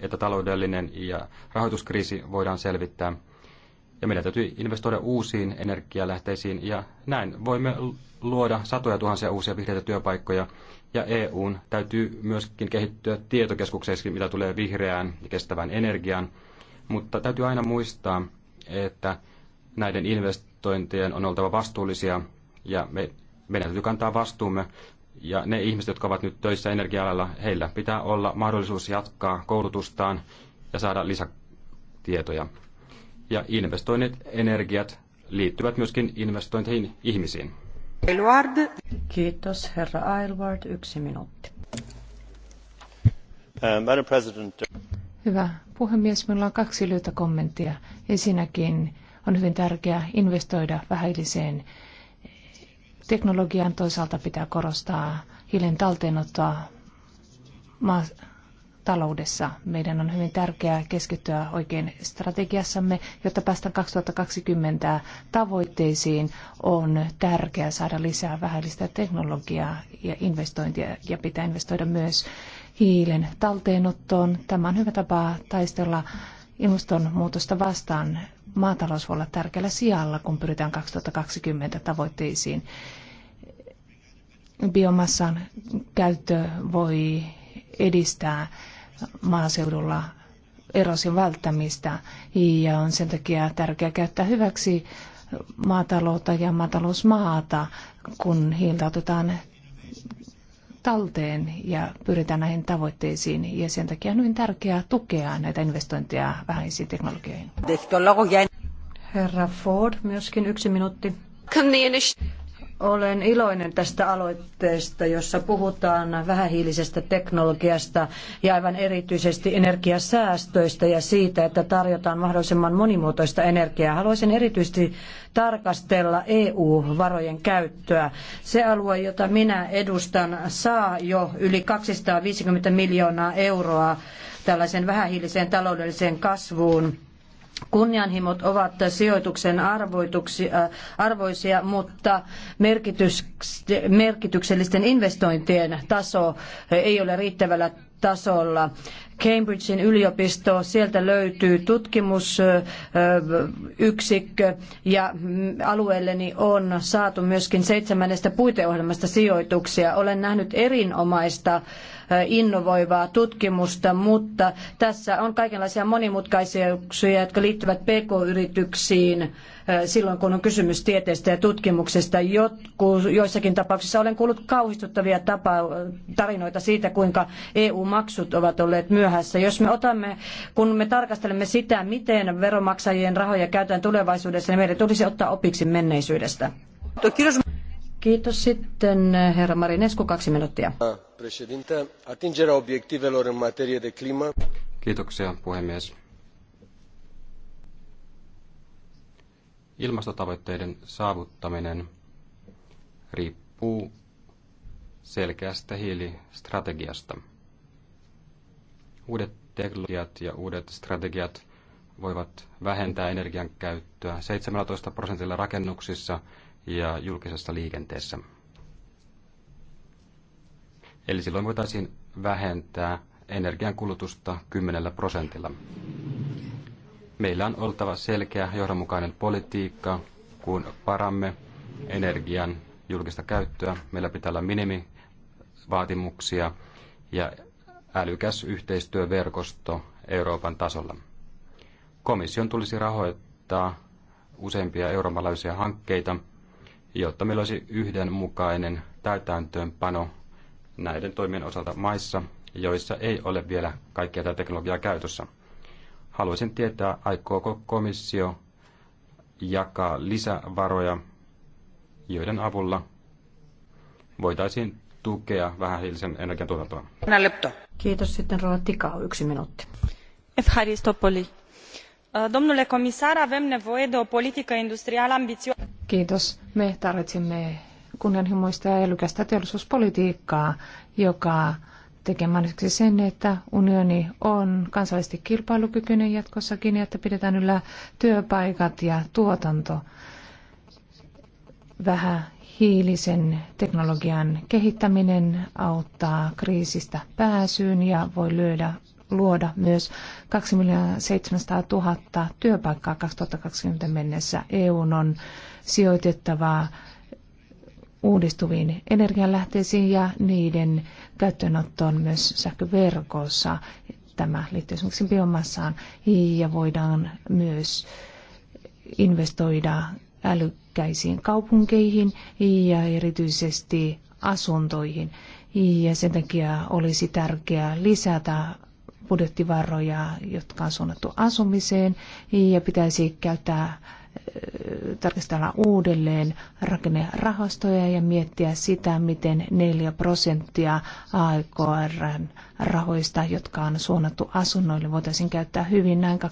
että taloudellinen ja rahoituskriisi voidaan selvittää. Ja meidän täytyy investoida uusiin energialähteisiin ja näin voimme luoda satoja tuhansia uusia vihreitä työpaikkoja. Ja EUn täytyy myöskin kehittyä tietokeskukseksi, mitä tulee vihreään ja kestävään energiaan. Mutta täytyy aina muistaa, että näiden investointien on oltava vastuullisia ja me meidän täytyy kantaa vastuumme. Ja ne ihmiset, jotka ovat nyt töissä energia heillä pitää olla mahdollisuus jatkaa koulutustaan ja saada lisätietoja. Ja investoinnit, energiat liittyvät myöskin investointeihin ihmisiin. Elward, Kiitos, herra Aylward. Yksi minuutti. Uh, Madam President. Uh, Hyvä puhemies, minulla on kaksi lyhyttä kommenttia. Ensinnäkin on hyvin tärkeää investoida vähäiliseen teknologian, toisaalta pitää korostaa hiilen talteenottoa maataloudessa. Meidän on hyvin tärkeää keskittyä oikein strategiassamme, jotta päästään 2020 tavoitteisiin. On tärkeää saada lisää vähäistä teknologiaa ja investointia ja pitää investoida myös hiilen talteenottoon. Tämä on hyvä tapa taistella ilmastonmuutosta vastaan maatalous voi olla tärkeällä sijalla, kun pyritään 2020 tavoitteisiin. Biomassan käyttö voi edistää maaseudulla erosin välttämistä ja on sen takia tärkeää käyttää hyväksi maataloutta ja maatalousmaata, kun hiiltä otetaan talteen ja pyritään näihin tavoitteisiin. Ja sen takia on hyvin tärkeää tukea näitä investointeja vähäisiin teknologioihin. Herra Ford, myöskin yksi minuutti. Olen iloinen tästä aloitteesta, jossa puhutaan vähähiilisestä teknologiasta ja aivan erityisesti energiasäästöistä ja siitä, että tarjotaan mahdollisimman monimuotoista energiaa. Haluaisin erityisesti tarkastella EU-varojen käyttöä. Se alue, jota minä edustan, saa jo yli 250 miljoonaa euroa tällaisen vähähiiliseen taloudelliseen kasvuun Kunnianhimot ovat sijoituksen äh, arvoisia, mutta merkityksellisten investointien taso ei ole riittävällä tasolla. Cambridgein yliopisto, sieltä löytyy tutkimusyksikkö äh, ja mm, alueelleni on saatu myöskin seitsemännestä puiteohjelmasta sijoituksia. Olen nähnyt erinomaista innovoivaa tutkimusta, mutta tässä on kaikenlaisia monimutkaisuuksia, jotka liittyvät pk-yrityksiin silloin, kun on kysymys tieteestä ja tutkimuksesta. Jotku, joissakin tapauksissa olen kuullut kauhistuttavia tapa, tarinoita siitä, kuinka EU-maksut ovat olleet myöhässä. Jos me otamme, kun me tarkastelemme sitä, miten veromaksajien rahoja käytetään tulevaisuudessa, niin meidän tulisi ottaa opiksi menneisyydestä. Kiitos sitten eh, herra Marinescu, kaksi minuuttia. atingerea obiectivelor în materie de climă. Kiitoksia puhemies. Ilmastotavoitteiden saavuttaminen riippuu selkeästä hiilistrategiasta. Uudet teknologiat ja uudet strategiat voivat vähentää energian käyttöä 17 prosentilla rakennuksissa – ja julkisessa liikenteessä. Eli silloin voitaisiin vähentää energiankulutusta 10 prosentilla. Meillä on oltava selkeä johdonmukainen politiikka, kun paramme energian julkista käyttöä. Meillä pitää olla minimivaatimuksia ja älykäs yhteistyöverkosto Euroopan tasolla. Komission tulisi rahoittaa useimpia eurooppalaisia hankkeita, jotta meillä olisi yhdenmukainen täytäntöönpano näiden toimien osalta maissa, joissa ei ole vielä kaikkea tätä teknologiaa käytössä. Haluaisin tietää, aikooko komissio jakaa lisävaroja, joiden avulla voitaisiin tukea vähähiilisen energian tuotantoa. Kiitos. Sitten rola Tikau, yksi minuutti. Efharistopoli. Domnule comisar, avem nevoie de o politică industrială ambițioasă. Kiitos. Me tarvitsemme kunnianhimoista ja älykästä teollisuuspolitiikkaa, joka mahdolliseksi sen, että unioni on kansallisesti kilpailukykyinen jatkossakin ja että pidetään yllä työpaikat ja tuotanto vähän hiilisen teknologian kehittäminen auttaa kriisistä pääsyyn ja voi lyödä, luoda myös 2 700 000 työpaikkaa 2020 mennessä. EU on sijoitettavaa uudistuviin energianlähteisiin ja niiden käyttöönottoon myös sähköverkossa. Tämä liittyy esimerkiksi biomassaan ja voidaan myös investoida älykkäisiin kaupunkeihin ja erityisesti asuntoihin. Ja sen takia olisi tärkeää lisätä budjettivaroja, jotka on suunnattu asumiseen ja pitäisi käyttää tarkastella uudelleen rakennerahastoja ja miettiä sitä, miten 4 prosenttia AKRn rahoista, jotka on suunnattu asunnoille, voitaisiin käyttää hyvin. Näin 2014-2020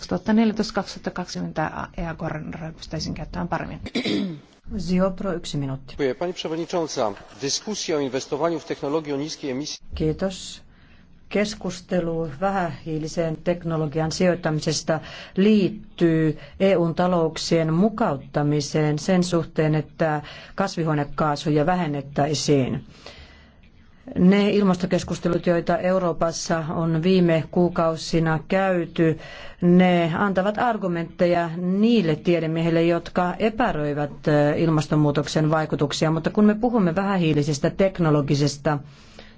AKRn rahoja pystyttäisiin käyttämään paremmin. Ziobro, yksi minuutti. Pani przewodnicząca, dyskusja o inwestowaniu w technologię niskiej emisji. Kiitos keskustelu vähähiiliseen teknologian sijoittamisesta liittyy EUn talouksien mukauttamiseen sen suhteen, että kasvihuonekaasuja vähennettäisiin. Ne ilmastokeskustelut, joita Euroopassa on viime kuukausina käyty, ne antavat argumentteja niille tiedemiehille, jotka epäröivät ilmastonmuutoksen vaikutuksia. Mutta kun me puhumme vähähiilisestä teknologisesta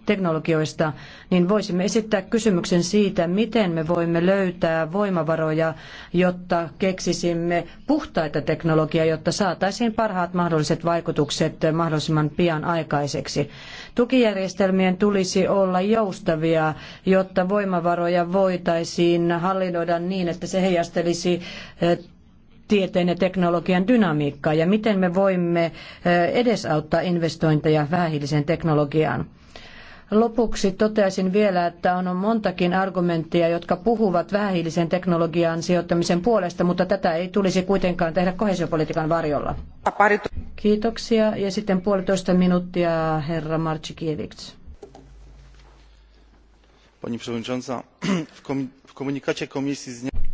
teknologioista, niin voisimme esittää kysymyksen siitä, miten me voimme löytää voimavaroja, jotta keksisimme puhtaita teknologiaa, jotta saataisiin parhaat mahdolliset vaikutukset mahdollisimman pian aikaiseksi. Tukijärjestelmien tulisi olla joustavia, jotta voimavaroja voitaisiin hallinnoida niin, että se heijastelisi eh, tieteen ja teknologian dynamiikkaa ja miten me voimme eh, edesauttaa investointeja vähähiiliseen teknologiaan. Lopuksi toteaisin vielä, että on montakin argumenttia, jotka puhuvat vähähiilisen teknologian sijoittamisen puolesta, mutta tätä ei tulisi kuitenkaan tehdä kohesiopolitiikan varjolla. Kiitoksia. Ja sitten puolitoista minuuttia herra Marcikiewicz. Pani przewodnicząca, w komunikacie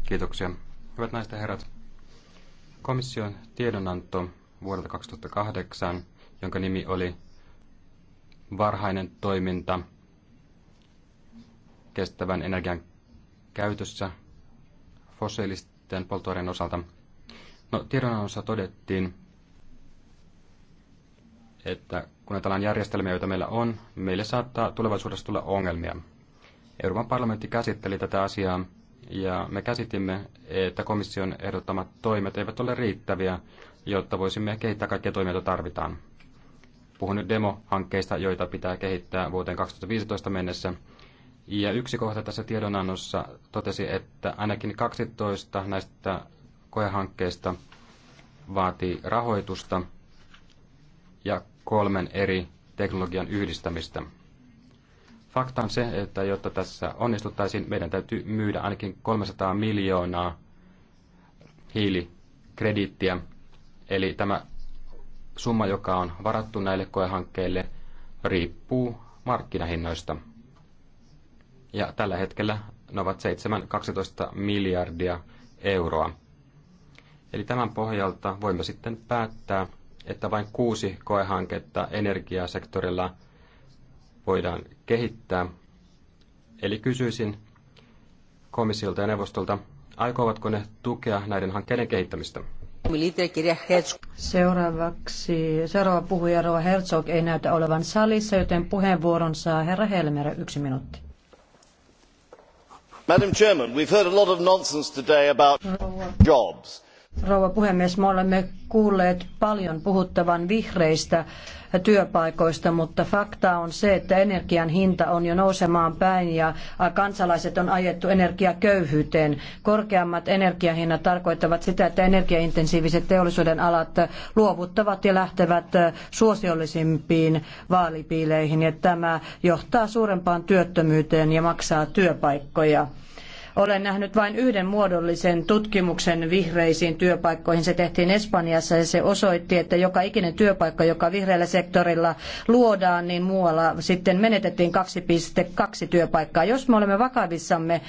Kiitoksia. Hyvät naiset ja herrat, komission tiedonanto vuodelta 2008, jonka nimi oli varhainen toiminta kestävän energian käytössä fossiilisten polttoaineiden osalta. No, tiedonannossa todettiin, että kun ajatellaan järjestelmiä, joita meillä on, meille saattaa tulevaisuudessa tulla ongelmia. Euroopan parlamentti käsitteli tätä asiaa ja me käsitimme, että komission ehdottamat toimet eivät ole riittäviä, jotta voisimme kehittää kaikkia toimia, joita tarvitaan. Puhun nyt demohankkeista, joita pitää kehittää vuoteen 2015 mennessä. Ja yksi kohta tässä tiedonannossa totesi, että ainakin 12 näistä koehankkeista vaatii rahoitusta ja kolmen eri teknologian yhdistämistä. Fakta on se, että jotta tässä onnistuttaisiin, meidän täytyy myydä ainakin 300 miljoonaa hiilikrediittiä. Eli tämä summa, joka on varattu näille koehankkeille, riippuu markkinahinnoista. Ja tällä hetkellä ne ovat 7-12 miljardia euroa. Eli tämän pohjalta voimme sitten päättää, että vain kuusi koehanketta energiasektorilla voidaan kehittää. Eli kysyisin komissiolta ja neuvostolta, aikovatko ne tukea näiden hankkeiden kehittämistä? Seuraavaksi seuraava puhuja Roa Herzog ei näytä olevan salissa, joten puheenvuoron saa herra Helmer, yksi minuutti. Madam Chairman, we've heard a lot of nonsense today about jobs. Rouva puhemies, me olemme kuulleet paljon puhuttavan vihreistä työpaikoista, mutta fakta on se, että energian hinta on jo nousemaan päin ja kansalaiset on ajettu energiaköyhyyteen. Korkeammat energiahinnat tarkoittavat sitä, että energiaintensiiviset teollisuuden alat luovuttavat ja lähtevät suosiollisimpiin vaalipiileihin ja tämä johtaa suurempaan työttömyyteen ja maksaa työpaikkoja. Olen nähnyt vain yhden muodollisen tutkimuksen vihreisiin työpaikkoihin. Se tehtiin Espanjassa ja se osoitti, että joka ikinen työpaikka, joka vihreällä sektorilla luodaan, niin muualla sitten menetettiin kaksi kaksi työpaikkaa. Jos me olemme vakavissamme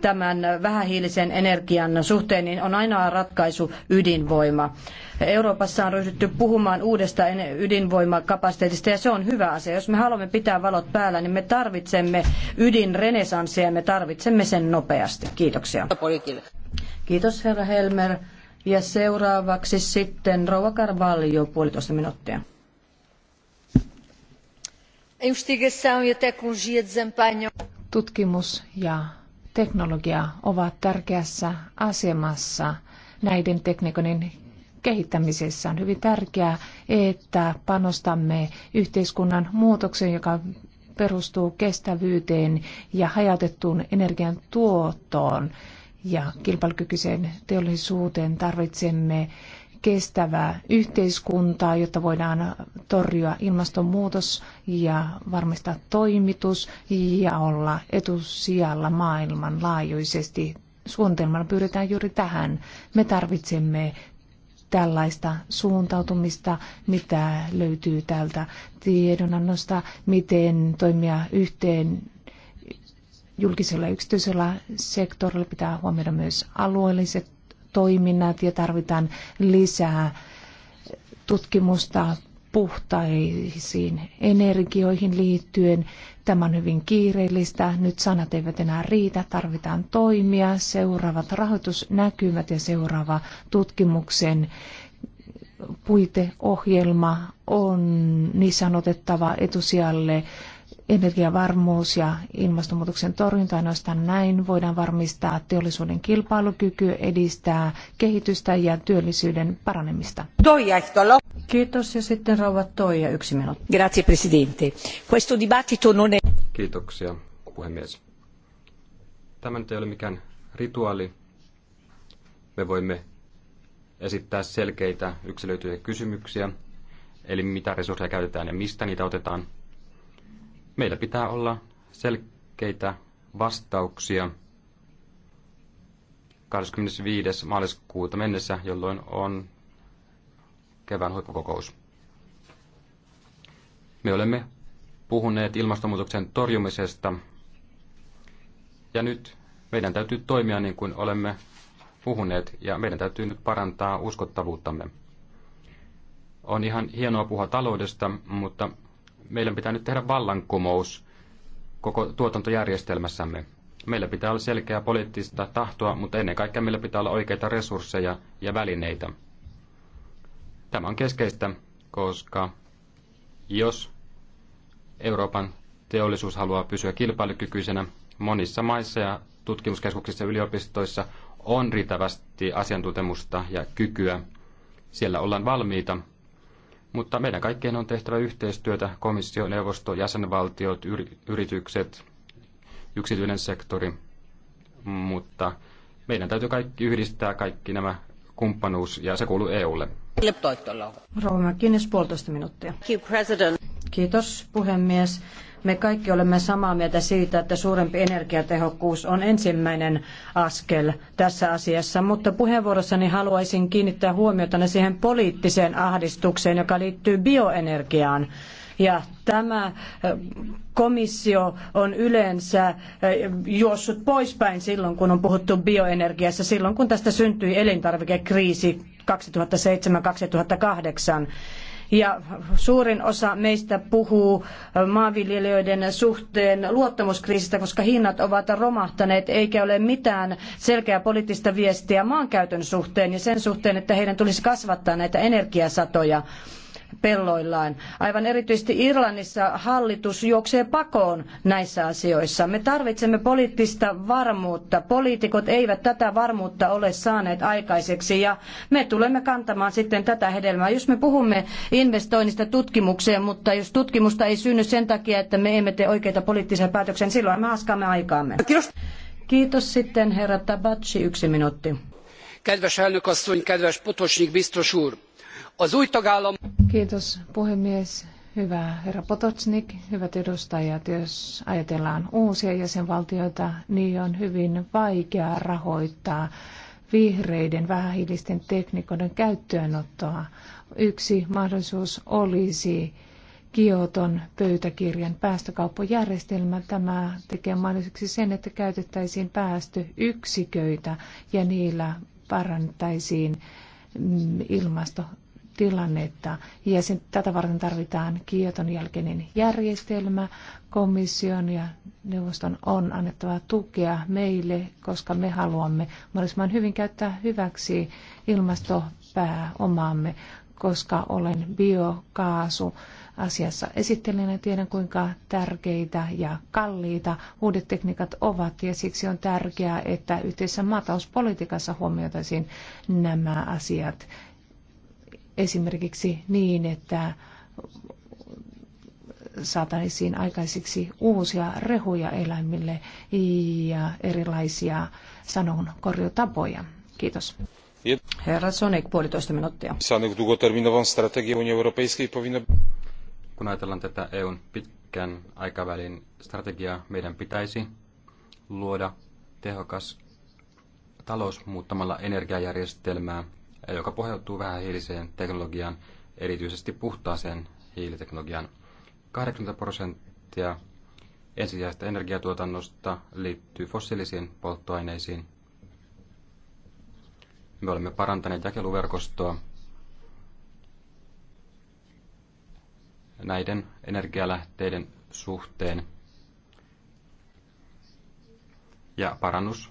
tämän vähähiilisen energian suhteen, niin on ainoa ratkaisu ydinvoima. Euroopassa on ryhdytty puhumaan uudesta ydinvoimakapasiteetista ja se on hyvä asia. Jos me haluamme pitää valot päällä, niin me tarvitsemme ydinrenesanssia ja me tarvitsemme sen nopeasti. Kiitoksia. Kiitos herra Helmer. Ja seuraavaksi sitten Rouva Carvalho, puolitoista minuuttia. E Tutkimus ja teknologia ovat tärkeässä asemassa näiden tekniikoiden kehittämisessä. On hyvin tärkeää, että panostamme yhteiskunnan muutokseen, joka perustuu kestävyyteen ja hajautettuun energian tuottoon ja kilpailukykyiseen teollisuuteen tarvitsemme kestävää yhteiskuntaa, jotta voidaan torjua ilmastonmuutos ja varmistaa toimitus ja olla etusijalla maailmanlaajuisesti. Suunnitelmalla pyritään juuri tähän. Me tarvitsemme tällaista suuntautumista, mitä löytyy täältä tiedonannosta, miten toimia yhteen julkisella ja yksityisellä sektorilla. Pitää huomioida myös alueelliset toiminnat ja tarvitaan lisää tutkimusta puhtaisiin energioihin liittyen. Tämä on hyvin kiireellistä. Nyt sanat eivät enää riitä. Tarvitaan toimia, seuraavat rahoitusnäkymät ja seuraava tutkimuksen puiteohjelma on, niissä on otettava etusijalle energiavarmuus ja ilmastonmuutoksen torjunta ainoastaan näin voidaan varmistaa teollisuuden kilpailukyky, edistää kehitystä ja työllisyyden paranemista. Kiitos ja sitten rouva Toija yksi minuutti. Grazie presidente. Questo dibattito non è... Kiitoksia puhemies. Tämä nyt ei ole mikään rituaali. Me voimme esittää selkeitä yksilöityjä kysymyksiä, eli mitä resursseja käytetään ja mistä niitä otetaan – Meillä pitää olla selkeitä vastauksia 25. maaliskuuta mennessä, jolloin on kevään huippukokous. Me olemme puhuneet ilmastonmuutoksen torjumisesta ja nyt meidän täytyy toimia niin kuin olemme puhuneet ja meidän täytyy nyt parantaa uskottavuuttamme. On ihan hienoa puhua taloudesta, mutta meidän pitää nyt tehdä vallankumous koko tuotantojärjestelmässämme. Meillä pitää olla selkeää poliittista tahtoa, mutta ennen kaikkea meillä pitää olla oikeita resursseja ja välineitä. Tämä on keskeistä, koska jos Euroopan teollisuus haluaa pysyä kilpailukykyisenä, monissa maissa ja tutkimuskeskuksissa ja yliopistoissa on riittävästi asiantuntemusta ja kykyä. Siellä ollaan valmiita mutta meidän kaikkien on tehtävä yhteistyötä, komissio, neuvosto, jäsenvaltiot, yritykset, yksityinen sektori, mutta meidän täytyy kaikki yhdistää kaikki nämä kumppanuus ja se kuuluu EUlle. Rouva Mäkinen, puolitoista minuuttia. Kiitos puhemies. Me kaikki olemme samaa mieltä siitä, että suurempi energiatehokkuus on ensimmäinen askel tässä asiassa, mutta puheenvuorossani haluaisin kiinnittää huomiota siihen poliittiseen ahdistukseen, joka liittyy bioenergiaan. Ja tämä eh, komissio on yleensä eh, juossut poispäin silloin, kun on puhuttu bioenergiassa, silloin kun tästä syntyi elintarvikekriisi 2007-2008 ja suurin osa meistä puhuu maanviljelijöiden suhteen luottamuskriisistä, koska hinnat ovat romahtaneet eikä ole mitään selkeää poliittista viestiä maankäytön suhteen ja sen suhteen, että heidän tulisi kasvattaa näitä energiasatoja pelloillaan. Aivan erityisesti Irlannissa hallitus juoksee pakoon näissä asioissa. Me tarvitsemme poliittista varmuutta. Poliitikot eivät tätä varmuutta ole saaneet aikaiseksi ja me tulemme kantamaan sitten tätä hedelmää. Jos me puhumme investoinnista tutkimukseen, mutta jos tutkimusta ei synny sen takia, että me emme tee oikeita poliittisia päätöksiä, niin silloin me haskaamme aikaamme. Kiitos. Kiitos sitten herra Tabatsi, yksi minuutti. Kedves elnök asszony, kedves Potosnik biztos úr! Az új tagállam... Kiitos puhemies. Hyvä herra Potocnik, hyvät edustajat, jos ajatellaan uusia jäsenvaltioita, niin on hyvin vaikea rahoittaa vihreiden vähähiilisten tekniikoiden käyttöönottoa. Yksi mahdollisuus olisi Kioton pöytäkirjan päästökauppajärjestelmä. Tämä tekee mahdolliseksi sen, että käytettäisiin päästöyksiköitä ja niillä parantaisiin mm, ilmasto tilannetta. Ja sen, tätä varten tarvitaan kioton jälkeinen järjestelmä. Komission ja neuvoston on annettava tukea meille, koska me haluamme mahdollisimman hyvin käyttää hyväksi ilmastopääomaamme, koska olen biokaasu asiassa esittelen ja tiedän kuinka tärkeitä ja kalliita uudet tekniikat ovat ja siksi on tärkeää, että yhteisessä maatalouspolitiikassa huomioitaisiin nämä asiat esimerkiksi niin, että saataisiin aikaisiksi uusia rehuja eläimille ja erilaisia sanonkorjutapoja. Kiitos. Herra Sonik, puolitoista minuuttia. Sanek długoterminową strategię Unii Europejskiej powinno... Kun ajatellaan tätä EUn pitkän aikavälin strategiaa, meidän pitäisi luoda tehokas talous muuttamalla energiajärjestelmää joka pohjautuu vähähiiliseen teknologiaan, erityisesti puhtaaseen hiiliteknologiaan. 80 prosenttia ensisijaisesta energiatuotannosta liittyy fossiilisiin polttoaineisiin. Me olemme parantaneet jakeluverkostoa näiden energialähteiden suhteen. Ja parannus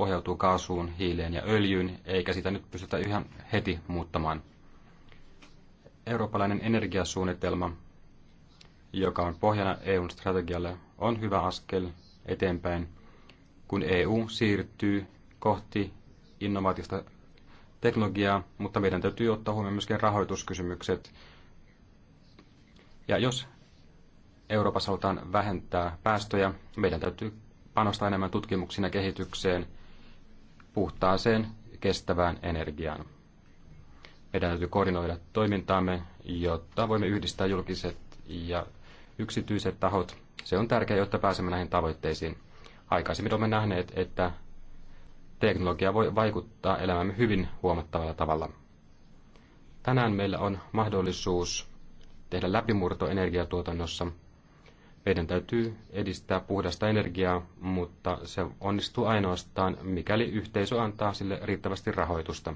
pohjautuu kaasuun, hiileen ja öljyyn, eikä sitä nyt pystytä ihan heti muuttamaan. Eurooppalainen energiasuunnitelma, joka on pohjana EUn strategialle, on hyvä askel eteenpäin, kun EU siirtyy kohti innovaatista teknologiaa, mutta meidän täytyy ottaa huomioon myöskin rahoituskysymykset. Ja jos Euroopassa halutaan vähentää päästöjä, meidän täytyy panostaa enemmän tutkimuksiin ja kehitykseen – puhtaaseen kestävään energiaan. Meidän täytyy koordinoida toimintaamme, jotta voimme yhdistää julkiset ja yksityiset tahot. Se on tärkeää, jotta pääsemme näihin tavoitteisiin. Aikaisemmin olemme nähneet, että teknologia voi vaikuttaa elämämme hyvin huomattavalla tavalla. Tänään meillä on mahdollisuus tehdä läpimurto energiatuotannossa – meidän täytyy edistää puhdasta energiaa, mutta se onnistuu ainoastaan, mikäli yhteisö antaa sille riittävästi rahoitusta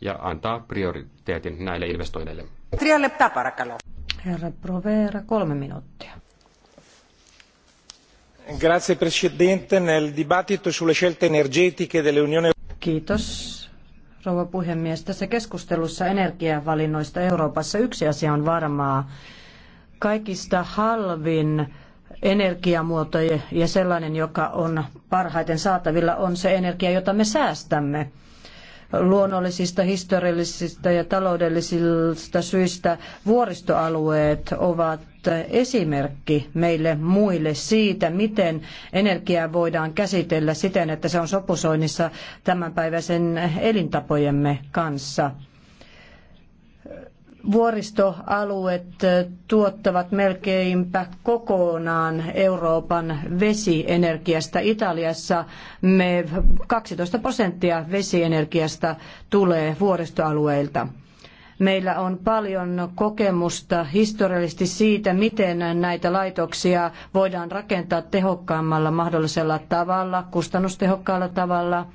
ja antaa prioriteetin näille investoinneille. Herra Provera, kolme minuuttia. Grazie Presidente. Nel dibattito sulle scelte energetiche dell'Unione Kiitos, rouva puhemies. Tässä keskustelussa energiavalinnoista Euroopassa yksi asia on varmaa kaikista halvin energiamuoto ja sellainen, joka on parhaiten saatavilla, on se energia, jota me säästämme luonnollisista, historiallisista ja taloudellisista syistä vuoristoalueet ovat esimerkki meille muille siitä, miten energiaa voidaan käsitellä siten, että se on sopusoinnissa tämänpäiväisen elintapojemme kanssa. Vuoristoalueet tuottavat melkeinpä kokonaan Euroopan vesienergiasta. Italiassa me 12 prosenttia vesienergiasta tulee vuoristoalueilta. Meillä on paljon kokemusta historiallisesti siitä, miten näitä laitoksia voidaan rakentaa tehokkaammalla mahdollisella tavalla, kustannustehokkaalla tavalla –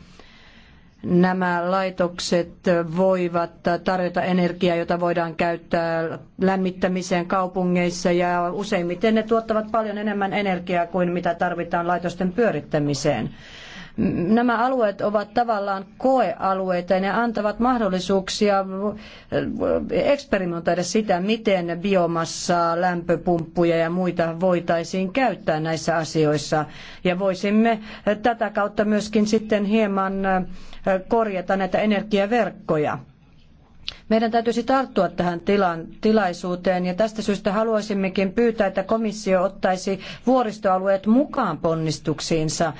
nämä laitokset voivat tarjota energiaa, jota voidaan käyttää lämmittämiseen kaupungeissa ja useimmiten ne tuottavat paljon enemmän energiaa kuin mitä tarvitaan laitosten pyörittämiseen. Nämä alueet ovat tavallaan koealueita ja ne antavat mahdollisuuksia äh, eksperimentoida sitä, miten biomassaa, lämpöpumppuja ja muita voitaisiin käyttää näissä asioissa. Ja voisimme tätä kautta myöskin sitten hieman äh, korjata näitä energiaverkkoja. Meidän täytyisi tarttua tähän tilan, tilaisuuteen ja tästä syystä haluaisimmekin pyytää, että komissio ottaisi vuoristoalueet mukaan ponnistuksiinsa.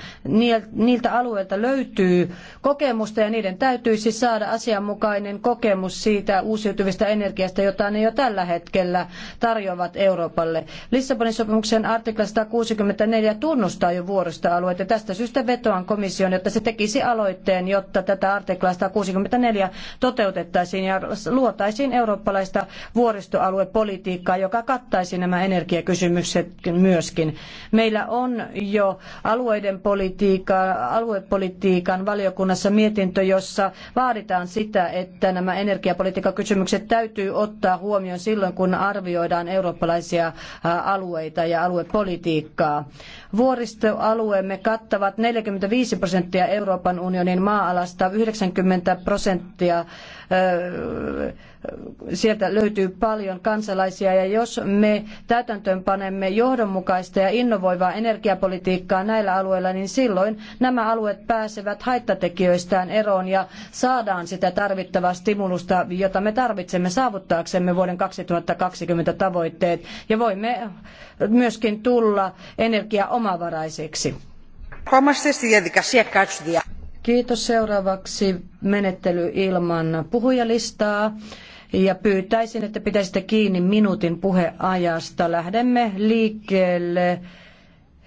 Niiltä alueilta löytyy kokemusta ja niiden täytyisi saada asianmukainen kokemus siitä uusiutuvista energiasta, jota ne jo tällä hetkellä tarjoavat Euroopalle. Lissabonin sopimuksen artikla 164 tunnustaa jo vuoristoalueet ja tästä syystä vetoan komission, jotta se tekisi aloitteen, jotta tätä artiklaa 164 toteutettaisiin ja luotaisiin eurooppalaista vuoristoaluepolitiikkaa, joka kattaisi nämä energiakysymykset myöskin. Meillä on jo alueiden politiikka, aluepolitiikan valiokunnan valiokunnassa mietintö, jossa vaaditaan sitä, että nämä energiapolitiikan kysymykset täytyy ottaa huomioon silloin, kun arvioidaan eurooppalaisia alueita ja aluepolitiikkaa. Vuoristoalueemme kattavat 45 prosenttia Euroopan unionin maa-alasta, 90 prosenttia sieltä löytyy paljon kansalaisia ja jos me täytäntöön panemme johdonmukaista ja innovoivaa energiapolitiikkaa näillä alueilla, niin silloin nämä alueet pääsevät haittatekijöistään eroon ja saadaan sitä tarvittavaa stimulusta, jota me tarvitsemme saavuttaaksemme vuoden 2020 tavoitteet ja voimme myöskin tulla energiaomavaraisiksi. Πάμε στη διαδικασία Catch Kiitos. Seuraavaksi menettely ilman puhujalistaa. Ja pyytäisin, että pitäisitte kiinni minuutin puheajasta. Lähdemme liikkeelle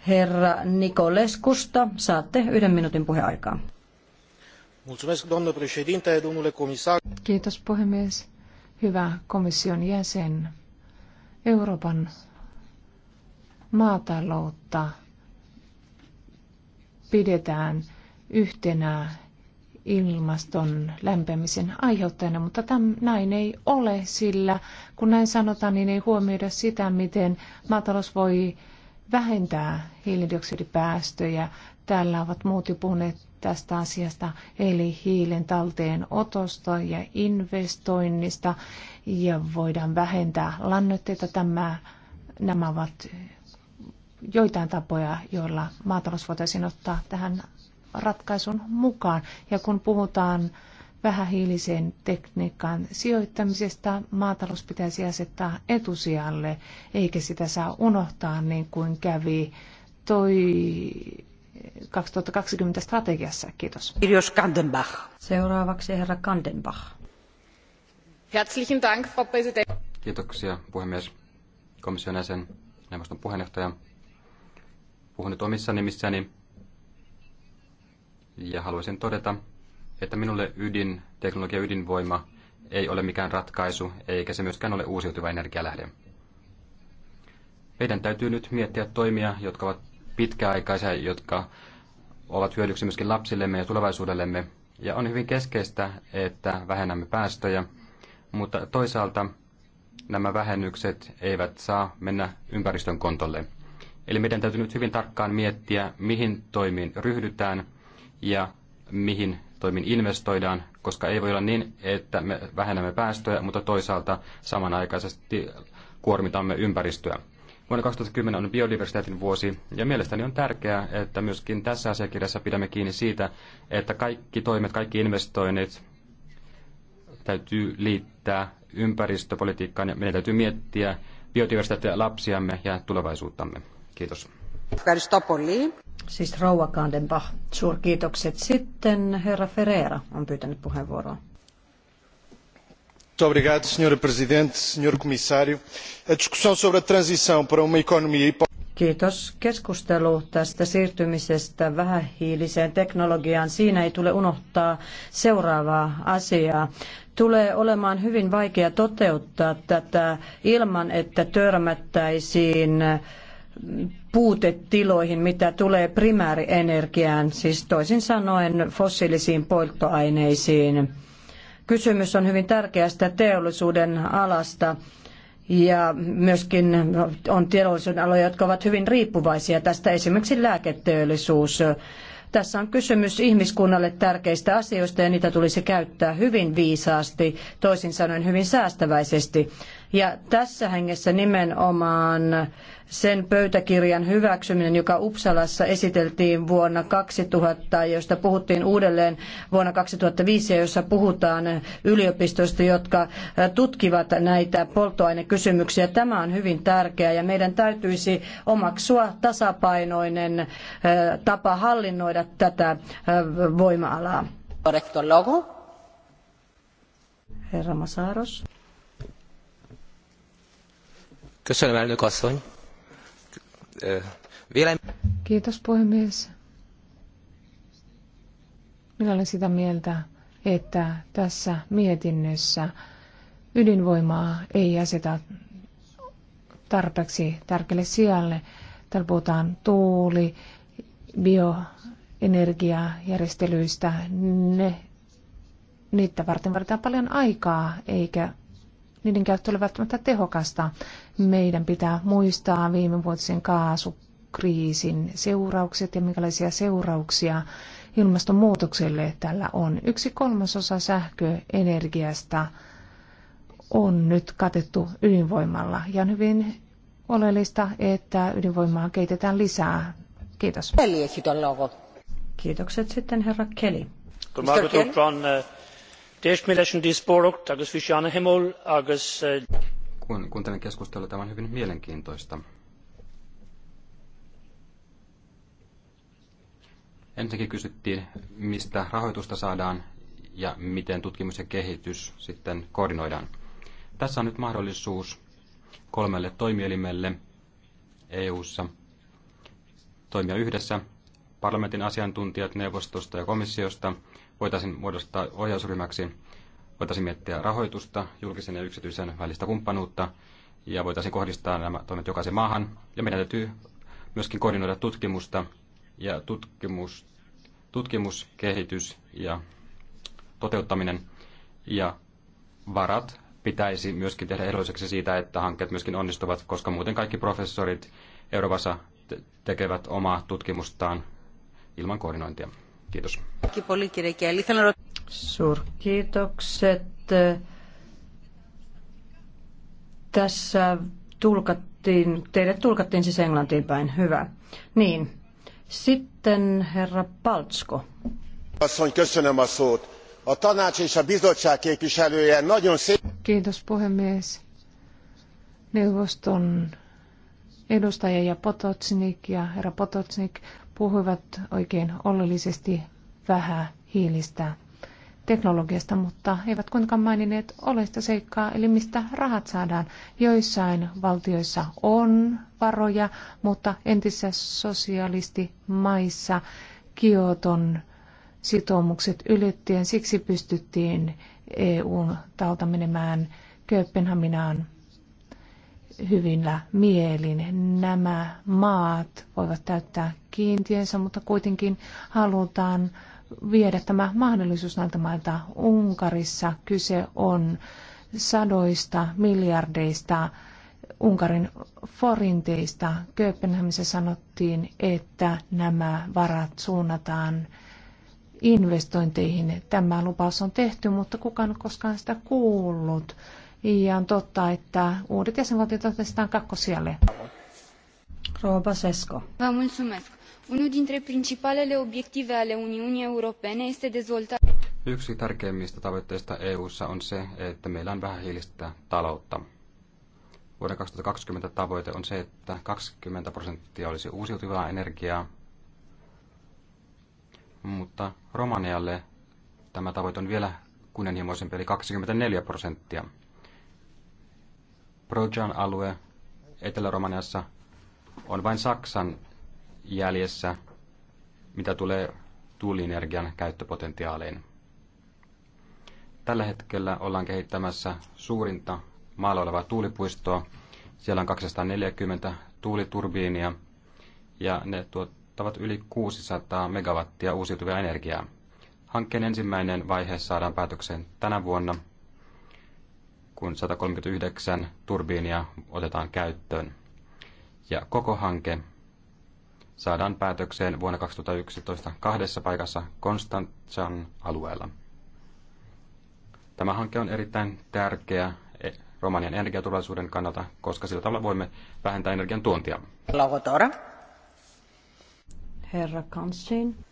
herra Nikoleskusta. Saatte yhden minuutin puheaikaa. Kiitos puhemies. Hyvä komission jäsen. Euroopan maataloutta pidetään yhtenä ilmaston lämpenemisen aiheuttajana, mutta täm, näin ei ole, sillä kun näin sanotaan, niin ei huomioida sitä, miten maatalous voi vähentää hiilidioksidipäästöjä. Täällä ovat muut jo puhuneet tästä asiasta, eli hiilen talteen otosta ja investoinnista, ja voidaan vähentää lannoitteita. Tämä, nämä ovat joitain tapoja, joilla maatalous voitaisiin ottaa tähän ratkaisun mukaan. Ja kun puhutaan vähähiilisen tekniikkaan sijoittamisesta, maatalous pitäisi asettaa etusijalle, eikä sitä saa unohtaa niin kuin kävi toi 2020 strategiassa. Kiitos. Kirjos Kandenbach. Seuraavaksi herra Kandenbach. Herzlichen Dank, Frau Präsident. Kiitoksia, puhemies, komission jäsen, neuvoston puheenjohtaja. Puhun nyt omissa nimissäni ja haluaisin todeta, että minulle ydinteknologia ydinvoima ei ole mikään ratkaisu, eikä se myöskään ole uusiutuva energialähde. Meidän täytyy nyt miettiä toimia, jotka ovat pitkäaikaisia, jotka ovat hyödyksi myöskin lapsillemme ja tulevaisuudellemme. Ja on hyvin keskeistä, että vähennämme päästöjä, mutta toisaalta nämä vähennykset eivät saa mennä ympäristön kontolle. Eli meidän täytyy nyt hyvin tarkkaan miettiä, mihin toimiin ryhdytään ja mihin toimin investoidaan, koska ei voi olla niin, että me vähennämme päästöjä, mutta toisaalta samanaikaisesti kuormitamme ympäristöä. Vuonna 2010 on biodiversiteetin vuosi ja mielestäni on tärkeää, että myöskin tässä asiakirjassa pidämme kiinni siitä, että kaikki toimet, kaikki investoinnit täytyy liittää ympäristöpolitiikkaan ja meidän täytyy miettiä biodiversiteettiä lapsiamme ja tulevaisuuttamme. Kiitos. Siis Rouva Kandenbach, suurkiitokset. Sitten herra Ferreira on pyytänyt puheenvuoroa. Muito obrigado, senhora presidente, senhor comissário. A discussão sobre a transição para uma economia Kiitos. Keskustelu tästä siirtymisestä vähähiiliseen teknologiaan. Siinä ei tule unohtaa seuraavaa asiaa. Tulee olemaan hyvin vaikea toteuttaa tätä ilman, että törmättäisiin puutetiloihin, mitä tulee primäärienergiaan, siis toisin sanoen fossiilisiin polttoaineisiin. Kysymys on hyvin tärkeästä teollisuuden alasta ja myöskin on teollisuuden aloja, jotka ovat hyvin riippuvaisia tästä, esimerkiksi lääketeollisuus. Tässä on kysymys ihmiskunnalle tärkeistä asioista ja niitä tulisi käyttää hyvin viisaasti, toisin sanoen hyvin säästäväisesti. Ja tässä hengessä nimenomaan sen pöytäkirjan hyväksyminen, joka Uppsalassa esiteltiin vuonna 2000, josta puhuttiin uudelleen vuonna 2005, ja jossa puhutaan yliopistoista, jotka tutkivat näitä polttoainekysymyksiä. Tämä on hyvin tärkeää ja meidän täytyisi omaksua tasapainoinen tapa hallinnoida tätä voima-alaa. Herra Masaros. Köszönöm, elnök asszony. Kiitos puhemies. Minä olen sitä mieltä, että tässä mietinnössä ydinvoimaa ei aseta tarpeeksi tärkeälle sijalle. Täällä puhutaan tuuli, bioenergiajärjestelyistä. Ne, niitä varten vaaditaan paljon aikaa, eikä niiden käyttö ole välttämättä tehokasta. Meidän pitää muistaa viime vuotisen kaasukriisin seuraukset ja minkälaisia seurauksia ilmastonmuutokselle tällä on. Yksi kolmasosa sähköenergiasta on nyt katettu ydinvoimalla ja on hyvin oleellista, että ydinvoimaa keitetään lisää. Kiitos. Kiitokset sitten herra Kelly. Mr. Kelly. Eh, Eh, Kun kuuntelen keskustelua, tämä on hyvin mielenkiintoista. Ensinnäkin kysyttiin, mistä rahoitusta saadaan ja miten tutkimus ja kehitys sitten koordinoidaan. Tässä on nyt mahdollisuus kolmelle toimielimelle EU:ssa toimia yhdessä, parlamentin asiantuntijat neuvostosta ja komissiosta – voitaisiin muodostaa ohjausryhmäksi, voitaisiin miettiä rahoitusta, julkisen ja yksityisen välistä kumppanuutta, ja voitaisiin kohdistaa nämä toimet jokaisen maahan. Ja meidän täytyy myöskin koordinoida tutkimusta ja tutkimus, tutkimus kehitys ja toteuttaminen. Ja varat pitäisi myöskin tehdä ehdolliseksi siitä, että hankkeet myöskin onnistuvat, koska muuten kaikki professorit Euroopassa tekevät omaa tutkimustaan ilman koordinointia. Kiitos. Suurkiitokset. Tässä tulkattiin, teidät tulkattiin siis englantiin päin. Hyvä. Niin. Sitten herra Paltsko. Asszony, köszönöm a szót. A tanács és a bizottság képviselője nagyon szép... Kiitos puhemies. Neuvoston edustaja ja Potocnik ja herra Potocnik puhuivat oikein oleellisesti vähän hiilistä teknologiasta, mutta eivät kuitenkaan maininneet oleista seikkaa, eli mistä rahat saadaan. Joissain valtioissa on varoja, mutta entisissä sosialistimaissa Kioton sitoumukset ylittien siksi pystyttiin EUn tauta menemään Kööpenhaminaan hyvillä mielin. Nämä maat voivat täyttää kiintiönsä, mutta kuitenkin halutaan viedä tämä mahdollisuus näiltä mailta. Unkarissa kyse on sadoista miljardeista Unkarin forinteista. Kööpenhamissa sanottiin, että nämä varat suunnataan investointeihin. Tämä lupaus on tehty, mutta kukaan koskaan sitä kuullut. Ja on totta, että uudet jäsenvaltiot otetaan kakkosijalle. Rouva Sesko. Vă mulțumesc. Unul dintre principalele obiective ale Uniunii Europene este Yksi tärkeimmistä tavoitteista EU:ssa on se, että meillä on hiilistä taloutta. Vuoden 2020 tavoite on se, että 20 prosenttia olisi uusiutuvaa energiaa, mutta Romanialle tämä tavoite on vielä kunnianhimoisempi, eli 24 prosenttia. Projan alue Etelä-Romaniassa on vain Saksan jäljessä, mitä tulee tuulienergian käyttöpotentiaaliin. Tällä hetkellä ollaan kehittämässä suurinta maalla olevaa tuulipuistoa. Siellä on 240 tuuliturbiinia ja ne tuottavat yli 600 megawattia uusiutuvia energiaa. Hankkeen ensimmäinen vaihe saadaan päätökseen tänä vuonna – kun 139 turbiinia otetaan käyttöön. Ja koko hanke saadaan päätökseen vuonna 2011 kahdessa paikassa Konstantsan alueella. Tämä hanke on erittäin tärkeä e, Romanian energiaturvallisuuden kannalta, koska sillä tavalla voimme vähentää energian tuontia. Herra Kansin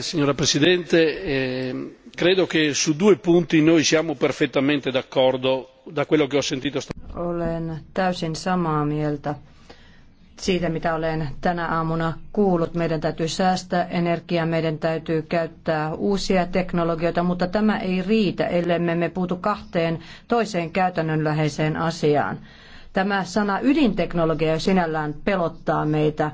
signora presidente eh, credo che su due punti noi siamo perfettamente d'accordo da quello che ho sentito olen täysin samaa mieltä siitä mitä olen tänä aamuna kuullut meidän täytyy säästää energiaa meidän täytyy käyttää uusia teknologioita mutta tämä ei riitä ellemme me puutu kahteen toiseen käytännönläheiseen asiaan tämä sana ydinteknologia jo sinällään pelottaa meitä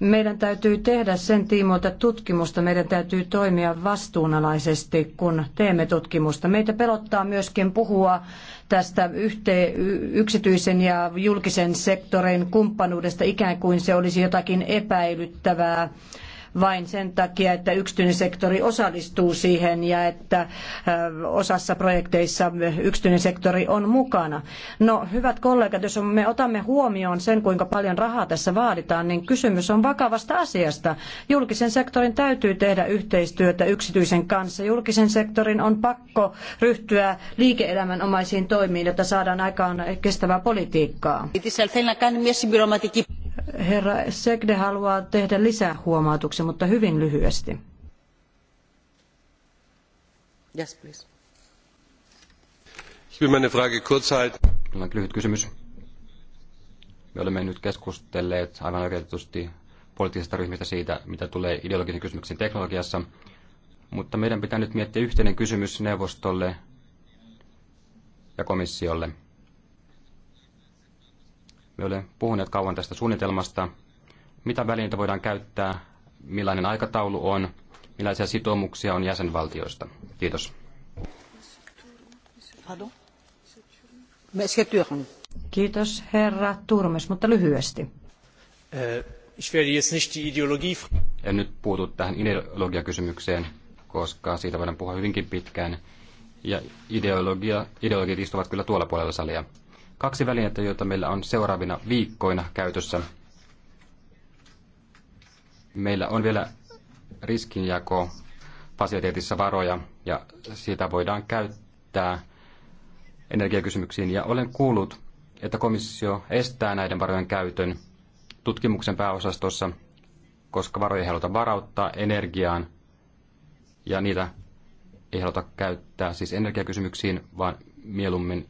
meidän täytyy tehdä sen tiimoilta tutkimusta, meidän täytyy toimia vastuunalaisesti, kun teemme tutkimusta. Meitä pelottaa myöskin puhua tästä yhte, yksityisen ja julkisen sektorin kumppanuudesta ikään kuin se olisi jotakin epäilyttävää vain sen takia, että yksityinen sektori osallistuu siihen ja että osassa projekteissa yksityinen sektori on mukana. No hyvät kollegat, jos me otamme huomioon sen, kuinka paljon rahaa tässä vaaditaan, niin kysymys on vakavasta asiasta. Julkisen sektorin täytyy tehdä yhteistyötä yksityisen kanssa. Julkisen sektorin on pakko ryhtyä liike-elämän omaisiin toimiin, jotta saadaan aikaan kestävää politiikkaa. Herra Segde haluaa tehdä lisää huomautuksen, mutta hyvin lyhyesti. Yes, please. Ich will meine Frage kurz halten. Lyhyt kysymys. Me olemme nyt keskustelleet aivan oikeutetusti poliittisista ryhmistä siitä, mitä tulee ideologisiin kysymyksiin teknologiassa. Mutta meidän pitää nyt miettiä yhteinen kysymys neuvostolle ja komissiolle. Me olemme puhuneet kauan tästä suunnitelmasta, mitä välineitä voidaan käyttää, millainen aikataulu on, millaisia sitoumuksia on jäsenvaltioista. Kiitos. Kiitos herra Turmes, mutta lyhyesti. Eh, en nyt puutu tähän ideologiakysymykseen, koska siitä voidaan puhua hyvinkin pitkään. Ja ideologia, ideologit istuvat kyllä tuolla puolella salia kaksi välinettä, joita meillä on seuraavina viikkoina käytössä. Meillä on vielä riskinjako fasiliteetissa varoja ja siitä voidaan käyttää energiakysymyksiin. Ja olen kuullut, että komissio estää näiden varojen käytön tutkimuksen pääosastossa, koska varoja ei haluta varauttaa energiaan ja niitä ei haluta käyttää siis energiakysymyksiin, vaan mieluummin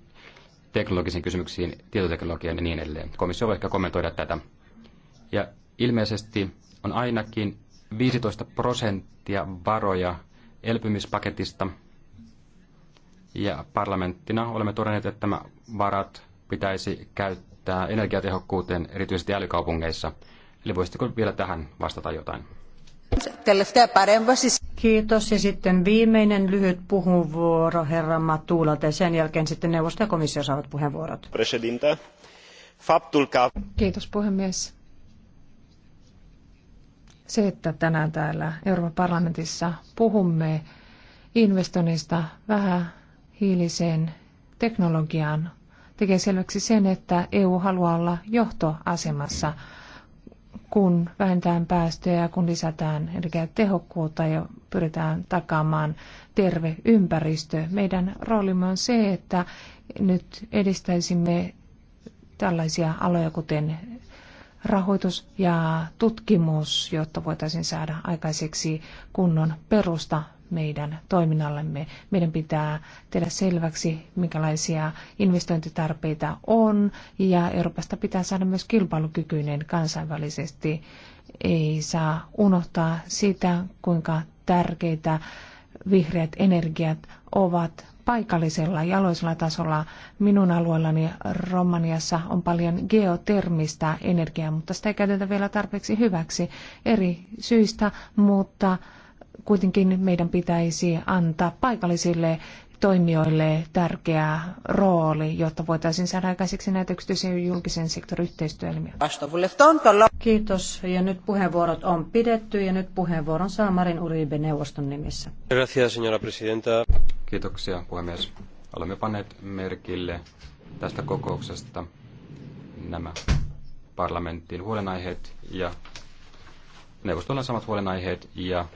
teknologisiin kysymyksiin, tietoteknologiaan ja niin edelleen. Komissio voi ehkä kommentoida tätä. Ja ilmeisesti on ainakin 15 prosenttia varoja elpymispaketista. Ja parlamenttina olemme todenneet, että nämä varat pitäisi käyttää energiatehokkuuteen erityisesti älykaupungeissa. Eli voisitteko vielä tähän vastata jotain? parempaa siis... Kiitos. Ja sitten viimeinen lyhyt puheenvuoro herra Matuulalta ja sen jälkeen sitten neuvosto ja komissio saavat puheenvuorot. Kiitos puhemies. Se, että tänään täällä Euroopan parlamentissa puhumme investoinnista vähän hiiliseen teknologiaan, tekee selväksi sen, että EU haluaa olla johtoasemassa – kun vähentään päästöjä ja kun lisätään energiatehokkuutta ja pyritään takaamaan terve ympäristö. Meidän roolimme on se, että nyt edistäisimme tällaisia aloja kuten rahoitus ja tutkimus, jotta voitaisiin saada aikaiseksi kunnon perusta meidän toiminnallemme. Meidän pitää tehdä selväksi, minkälaisia investointitarpeita on, ja Euroopasta pitää saada myös kilpailukykyinen kansainvälisesti. Ei saa unohtaa sitä, kuinka tärkeitä vihreät energiat ovat paikallisella ja aloisella tasolla. Minun alueellani Romaniassa on paljon geotermistä energiaa, mutta sitä ei käytetä vielä tarpeeksi hyväksi eri syistä, mutta kuitenkin meidän pitäisi antaa paikallisille toimijoille tärkeä rooli, jotta voitaisiin saada aikaiseksi näitä yksityisen ja julkisen sektorin yhteistyöelmiä. Kiitos. Ja nyt puheenvuorot on pidetty ja nyt puheenvuoron saa Marin Uribe neuvoston nimissä. Gracias, señora presidenta. Kiitoksia, puhemies. Olemme panneet merkille tästä kokouksesta nämä parlamentin huolenaiheet ja neuvostolla on samat huolenaiheet ja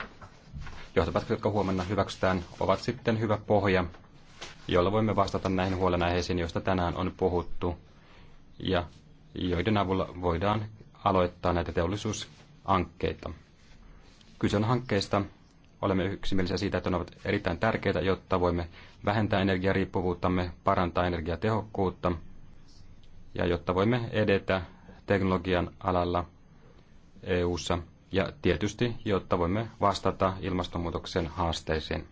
johtopäätökset, jotka huomenna hyväksytään, ovat sitten hyvä pohja, jolla voimme vastata näihin huolenaiheisiin, joista tänään on puhuttu, ja joiden avulla voidaan aloittaa näitä teollisuusankkeita. Kyse on hankkeista. Olemme yksimielisiä siitä, että ne ovat erittäin tärkeitä, jotta voimme vähentää energiariippuvuuttamme, parantaa energiatehokkuutta ja jotta voimme edetä teknologian alalla EU:ssa – ja tietysti, jotta voimme vastata ilmastonmuutoksen haasteisiin.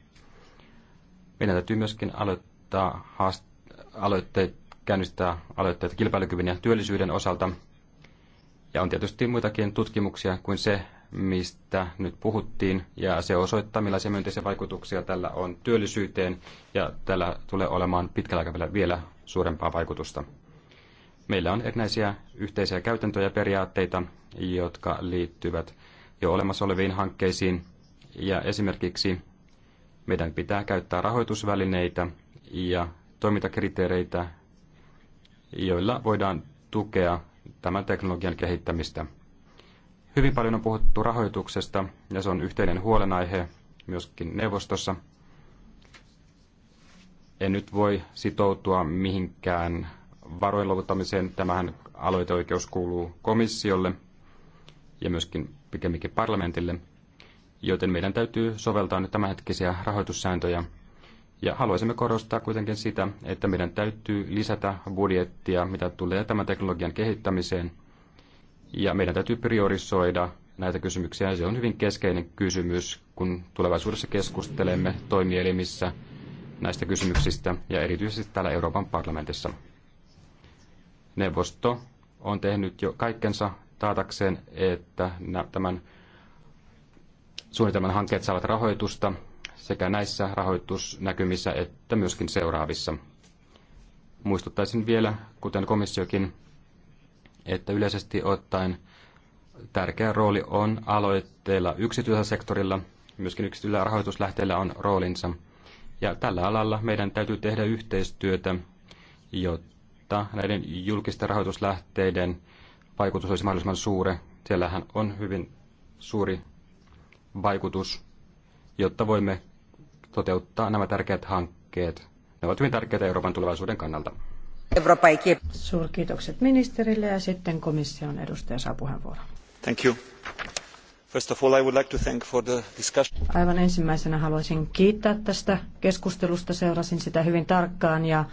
Meidän täytyy myöskin aloittaa haast- aloitteet, käynnistää aloitteet kilpailukyvyn ja työllisyyden osalta. Ja on tietysti muitakin tutkimuksia kuin se, mistä nyt puhuttiin, ja se osoittaa, millaisia myönteisiä vaikutuksia tällä on työllisyyteen, ja tällä tulee olemaan pitkällä aikavälillä vielä suurempaa vaikutusta. Meillä on erinäisiä yhteisiä käytäntöjä ja periaatteita, jotka liittyvät jo olemassa oleviin hankkeisiin. Ja esimerkiksi meidän pitää käyttää rahoitusvälineitä ja toimintakriteereitä, joilla voidaan tukea tämän teknologian kehittämistä. Hyvin paljon on puhuttu rahoituksesta ja se on yhteinen huolenaihe myöskin neuvostossa. En nyt voi sitoutua mihinkään varojen luovuttamiseen. Tämähän aloiteoikeus kuuluu komissiolle ja myöskin pikemminkin parlamentille, joten meidän täytyy soveltaa nyt tämänhetkisiä rahoitussääntöjä. Ja haluaisimme korostaa kuitenkin sitä, että meidän täytyy lisätä budjettia, mitä tulee tämän teknologian kehittämiseen. Ja meidän täytyy priorisoida näitä kysymyksiä. Ja se on hyvin keskeinen kysymys, kun tulevaisuudessa keskustelemme toimielimissä näistä kysymyksistä ja erityisesti täällä Euroopan parlamentissa. Neuvosto on tehnyt jo kaikkensa taatakseen, että tämän suunnitelman hankkeet saavat rahoitusta sekä näissä rahoitusnäkymissä että myöskin seuraavissa. Muistuttaisin vielä, kuten komissiokin, että yleisesti ottaen tärkeä rooli on aloitteilla yksityisellä sektorilla, myöskin yksityisellä rahoituslähteillä on roolinsa. Ja tällä alalla meidän täytyy tehdä yhteistyötä, jotta jotta näiden julkisten rahoituslähteiden vaikutus olisi mahdollisimman suuri. Siellähän on hyvin suuri vaikutus, jotta voimme toteuttaa nämä tärkeät hankkeet. Ne ovat hyvin tärkeitä Euroopan tulevaisuuden kannalta. Suurkiitokset ministerille ja sitten komission edustaja saa puheenvuoron. Thank you. First of all, I would like to thank for the discussion. Aivan ensimmäisenä haluaisin kiittää tästä keskustelusta. Seurasin sitä hyvin tarkkaan ja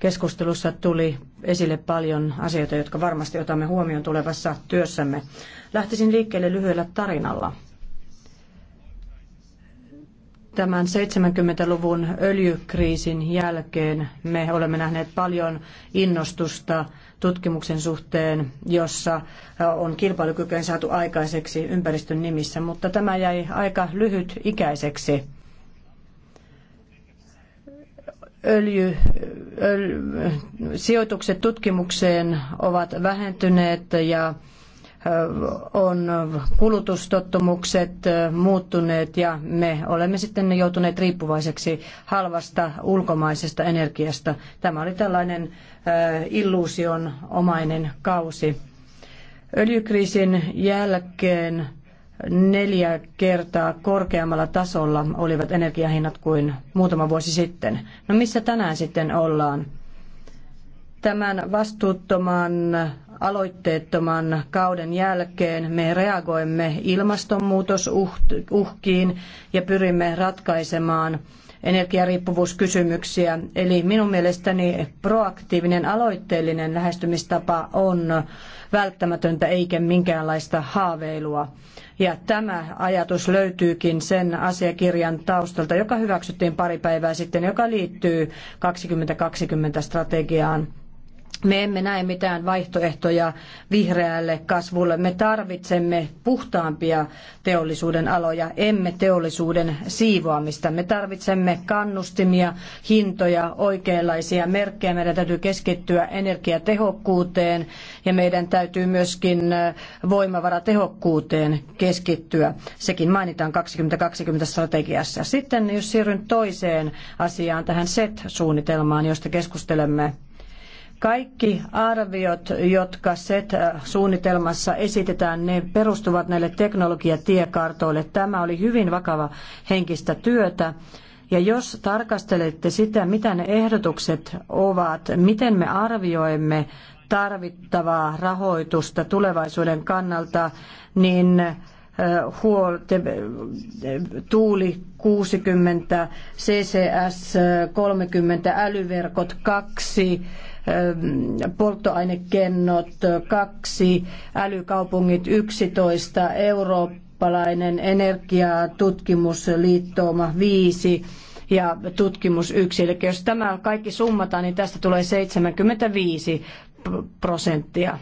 Keskustelussa tuli esille paljon asioita, jotka varmasti otamme huomioon tulevassa työssämme. Lähtisin liikkeelle lyhyellä tarinalla. Tämän 70-luvun öljykriisin jälkeen me olemme nähneet paljon innostusta tutkimuksen suhteen, jossa on kilpailukykyä saatu aikaiseksi ympäristön nimissä, mutta tämä jäi aika lyhyt ikäiseksi öljy, sijoitukset tutkimukseen ovat vähentyneet ja on kulutustottumukset muuttuneet ja me olemme sitten joutuneet riippuvaiseksi halvasta ulkomaisesta energiasta. Tämä oli tällainen illuusion omainen kausi. Öljykriisin jälkeen neljä kertaa korkeammalla tasolla olivat energiahinnat kuin muutama vuosi sitten. No missä tänään sitten ollaan? Tämän vastuuttoman, aloitteettoman kauden jälkeen me reagoimme ilmastonmuutosuhkiin ja pyrimme ratkaisemaan energiariippuvuuskysymyksiä. Eli minun mielestäni proaktiivinen, aloitteellinen lähestymistapa on välttämätöntä eikä minkäänlaista haaveilua. Ja tämä ajatus löytyykin sen asiakirjan taustalta, joka hyväksyttiin pari päivää sitten, joka liittyy 2020 strategiaan. Me emme näe mitään vaihtoehtoja vihreälle kasvulle. Me tarvitsemme puhtaampia teollisuuden aloja, emme teollisuuden siivoamista. Me tarvitsemme kannustimia, hintoja, oikeanlaisia merkkejä. Meidän täytyy keskittyä energiatehokkuuteen ja meidän täytyy myöskin voimavaratehokkuuteen keskittyä. Sekin mainitaan 2020 strategiassa. Sitten jos siirryn toiseen asiaan, tähän SET-suunnitelmaan, josta keskustelemme kaikki arviot, jotka SET-suunnitelmassa esitetään, ne perustuvat näille teknologiatiekartoille. Tämä oli hyvin vakava henkistä työtä. Ja jos tarkastelette sitä, mitä ne ehdotukset ovat, miten me arvioimme tarvittavaa rahoitusta tulevaisuuden kannalta, niin huolte, tuuli 60, CCS 30, älyverkot 2, polttoainekennot, kaksi, älykaupungit 11, eurooppalainen energiatutkimusliittooma viisi ja tutkimus Eli jos tämä kaikki summataan, niin tästä tulee 75 prosenttia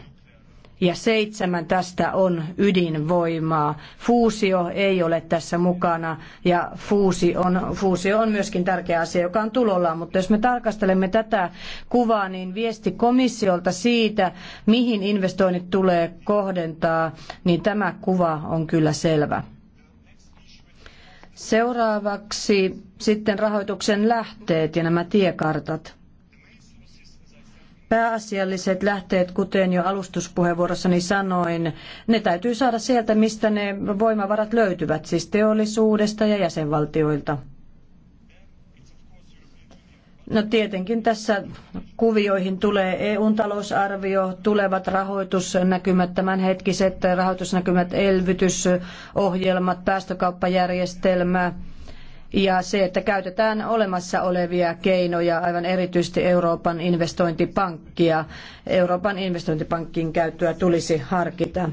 ja seitsemän tästä on ydinvoimaa. Fuusio ei ole tässä mukana ja fuusi on, fuusio on myöskin tärkeä asia, joka on tulollaan. Mutta jos me tarkastelemme tätä kuvaa, niin viesti komissiolta siitä, mihin investoinnit tulee kohdentaa, niin tämä kuva on kyllä selvä. Seuraavaksi sitten rahoituksen lähteet ja nämä tiekartat pääasialliset lähteet, kuten jo alustuspuheenvuorossani sanoin, ne täytyy saada sieltä, mistä ne voimavarat löytyvät, siis teollisuudesta ja jäsenvaltioilta. No tietenkin tässä kuvioihin tulee eu talousarvio, tulevat rahoitusnäkymät, tämänhetkiset rahoitusnäkymät, elvytysohjelmat, päästökauppajärjestelmä, ja se, että käytetään olemassa olevia keinoja, aivan erityisesti Euroopan investointipankkia. Euroopan investointipankin käyttöä tulisi harkita.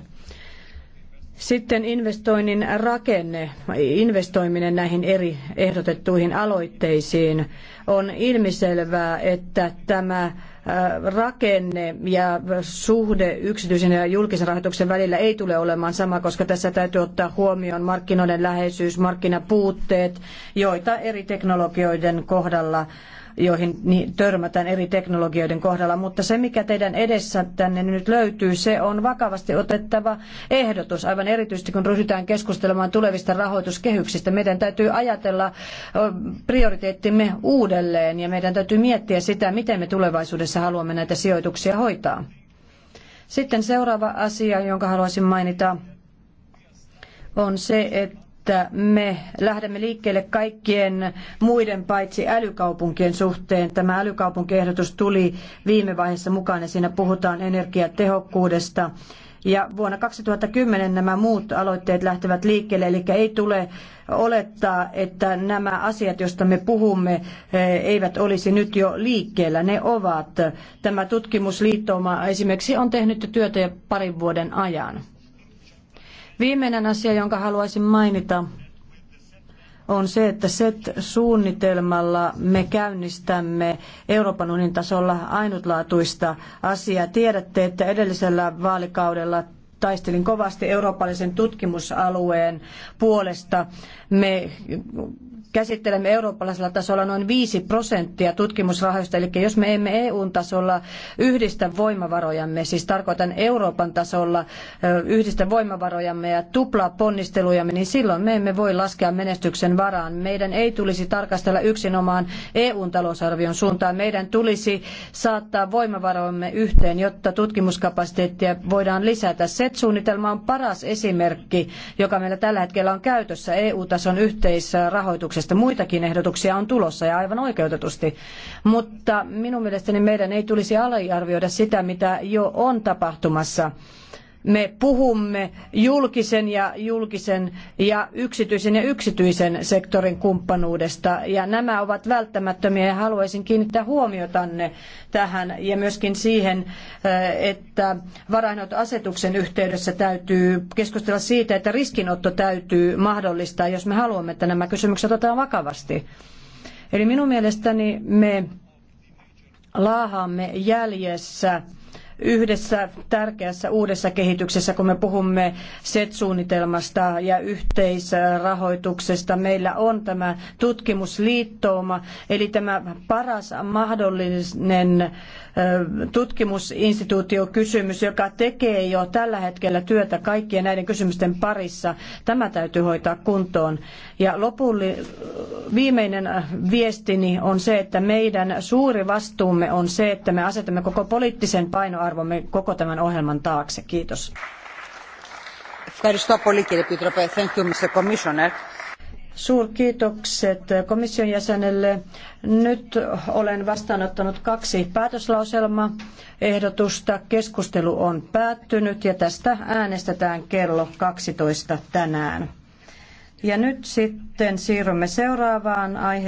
Sitten investoinnin rakenne, investoiminen näihin eri ehdotettuihin aloitteisiin. On ilmiselvää, että tämä rakenne ja suhde yksityisen ja julkisen rahoituksen välillä ei tule olemaan sama, koska tässä täytyy ottaa huomioon markkinoiden läheisyys, markkinapuutteet, joita eri teknologioiden kohdalla joihin törmätään eri teknologioiden kohdalla. Mutta se, mikä teidän edessä tänne nyt löytyy, se on vakavasti otettava ehdotus, aivan erityisesti kun ryhdytään keskustelemaan tulevista rahoituskehyksistä. Meidän täytyy ajatella prioriteettimme uudelleen ja meidän täytyy miettiä sitä, miten me tulevaisuudessa haluamme näitä sijoituksia hoitaa. Sitten seuraava asia, jonka haluaisin mainita, on se, että että me lähdemme liikkeelle kaikkien muiden paitsi älykaupunkien suhteen. Tämä älykaupunkiehdotus tuli viime vaiheessa mukaan ja siinä puhutaan energiatehokkuudesta. Ja vuonna 2010 nämä muut aloitteet lähtevät liikkeelle, eli ei tule olettaa, että nämä asiat, joista me puhumme, eh, eivät olisi nyt jo liikkeellä. Ne ovat. Tämä tutkimusliittouma esimerkiksi on tehnyt työtä jo parin vuoden ajan. Viimeinen asia, jonka haluaisin mainita, on se, että SET-suunnitelmalla me käynnistämme Euroopan unionin tasolla ainutlaatuista asiaa. Tiedätte, että edellisellä vaalikaudella taistelin kovasti eurooppalaisen tutkimusalueen puolesta. Me käsittelemme eurooppalaisella tasolla noin 5 prosenttia tutkimusrahoista, eli jos me emme EUn tasolla yhdistä voimavarojamme, siis tarkoitan Euroopan tasolla yhdistä voimavarojamme ja tuplaa ponnistelujamme, niin silloin me emme voi laskea menestyksen varaan. Meidän ei tulisi tarkastella yksinomaan eu talousarvion suuntaan. Meidän tulisi saattaa voimavaroimme yhteen, jotta tutkimuskapasiteettia voidaan lisätä. SET-suunnitelma on paras esimerkki, joka meillä tällä hetkellä on käytössä EU-tason yhteisrahoituksesta kysymyksestä. Muitakin ehdotuksia on tulossa ja aivan oikeutetusti. Mutta minun mielestäni meidän ei tulisi aliarvioida sitä, mitä jo on tapahtumassa me puhumme julkisen ja julkisen ja yksityisen ja yksityisen sektorin kumppanuudesta. Ja nämä ovat välttämättömiä ja haluaisin kiinnittää huomiotanne tähän ja myöskin siihen, eh, että varainhoitoasetuksen yhteydessä täytyy keskustella siitä, että riskinotto täytyy mahdollistaa, jos me haluamme, että nämä kysymykset otetaan vakavasti. Eli minun mielestäni me laahaamme jäljessä yhdessä tärkeässä uudessa kehityksessä, kun me puhumme SET-suunnitelmasta ja yhteisrahoituksesta. Meillä on tämä tutkimusliittouma, eli tämä paras mahdollinen tutkimusinstituutiokysymys, joka tekee jo tällä hetkellä työtä kaikkien näiden kysymysten parissa. Tämä täytyy hoitaa kuntoon. Ja lopulli, viimeinen viestini on se, että meidän suuri vastuumme on se, että me asetamme koko poliittisen painoarvomme koko tämän ohjelman taakse. Kiitos. Ευχαριστώ πολύ κύριε Επιτροπέ. Thank you, Mr. Commissioner. Suurkiitokset komission jäsenelle. Nyt olen vastaanottanut kaksi päätöslauselmaehdotusta. Keskustelu on päättynyt ja tästä äänestetään kello 12 tänään. Ja nyt sitten siirrymme seuraavaan aiheeseen.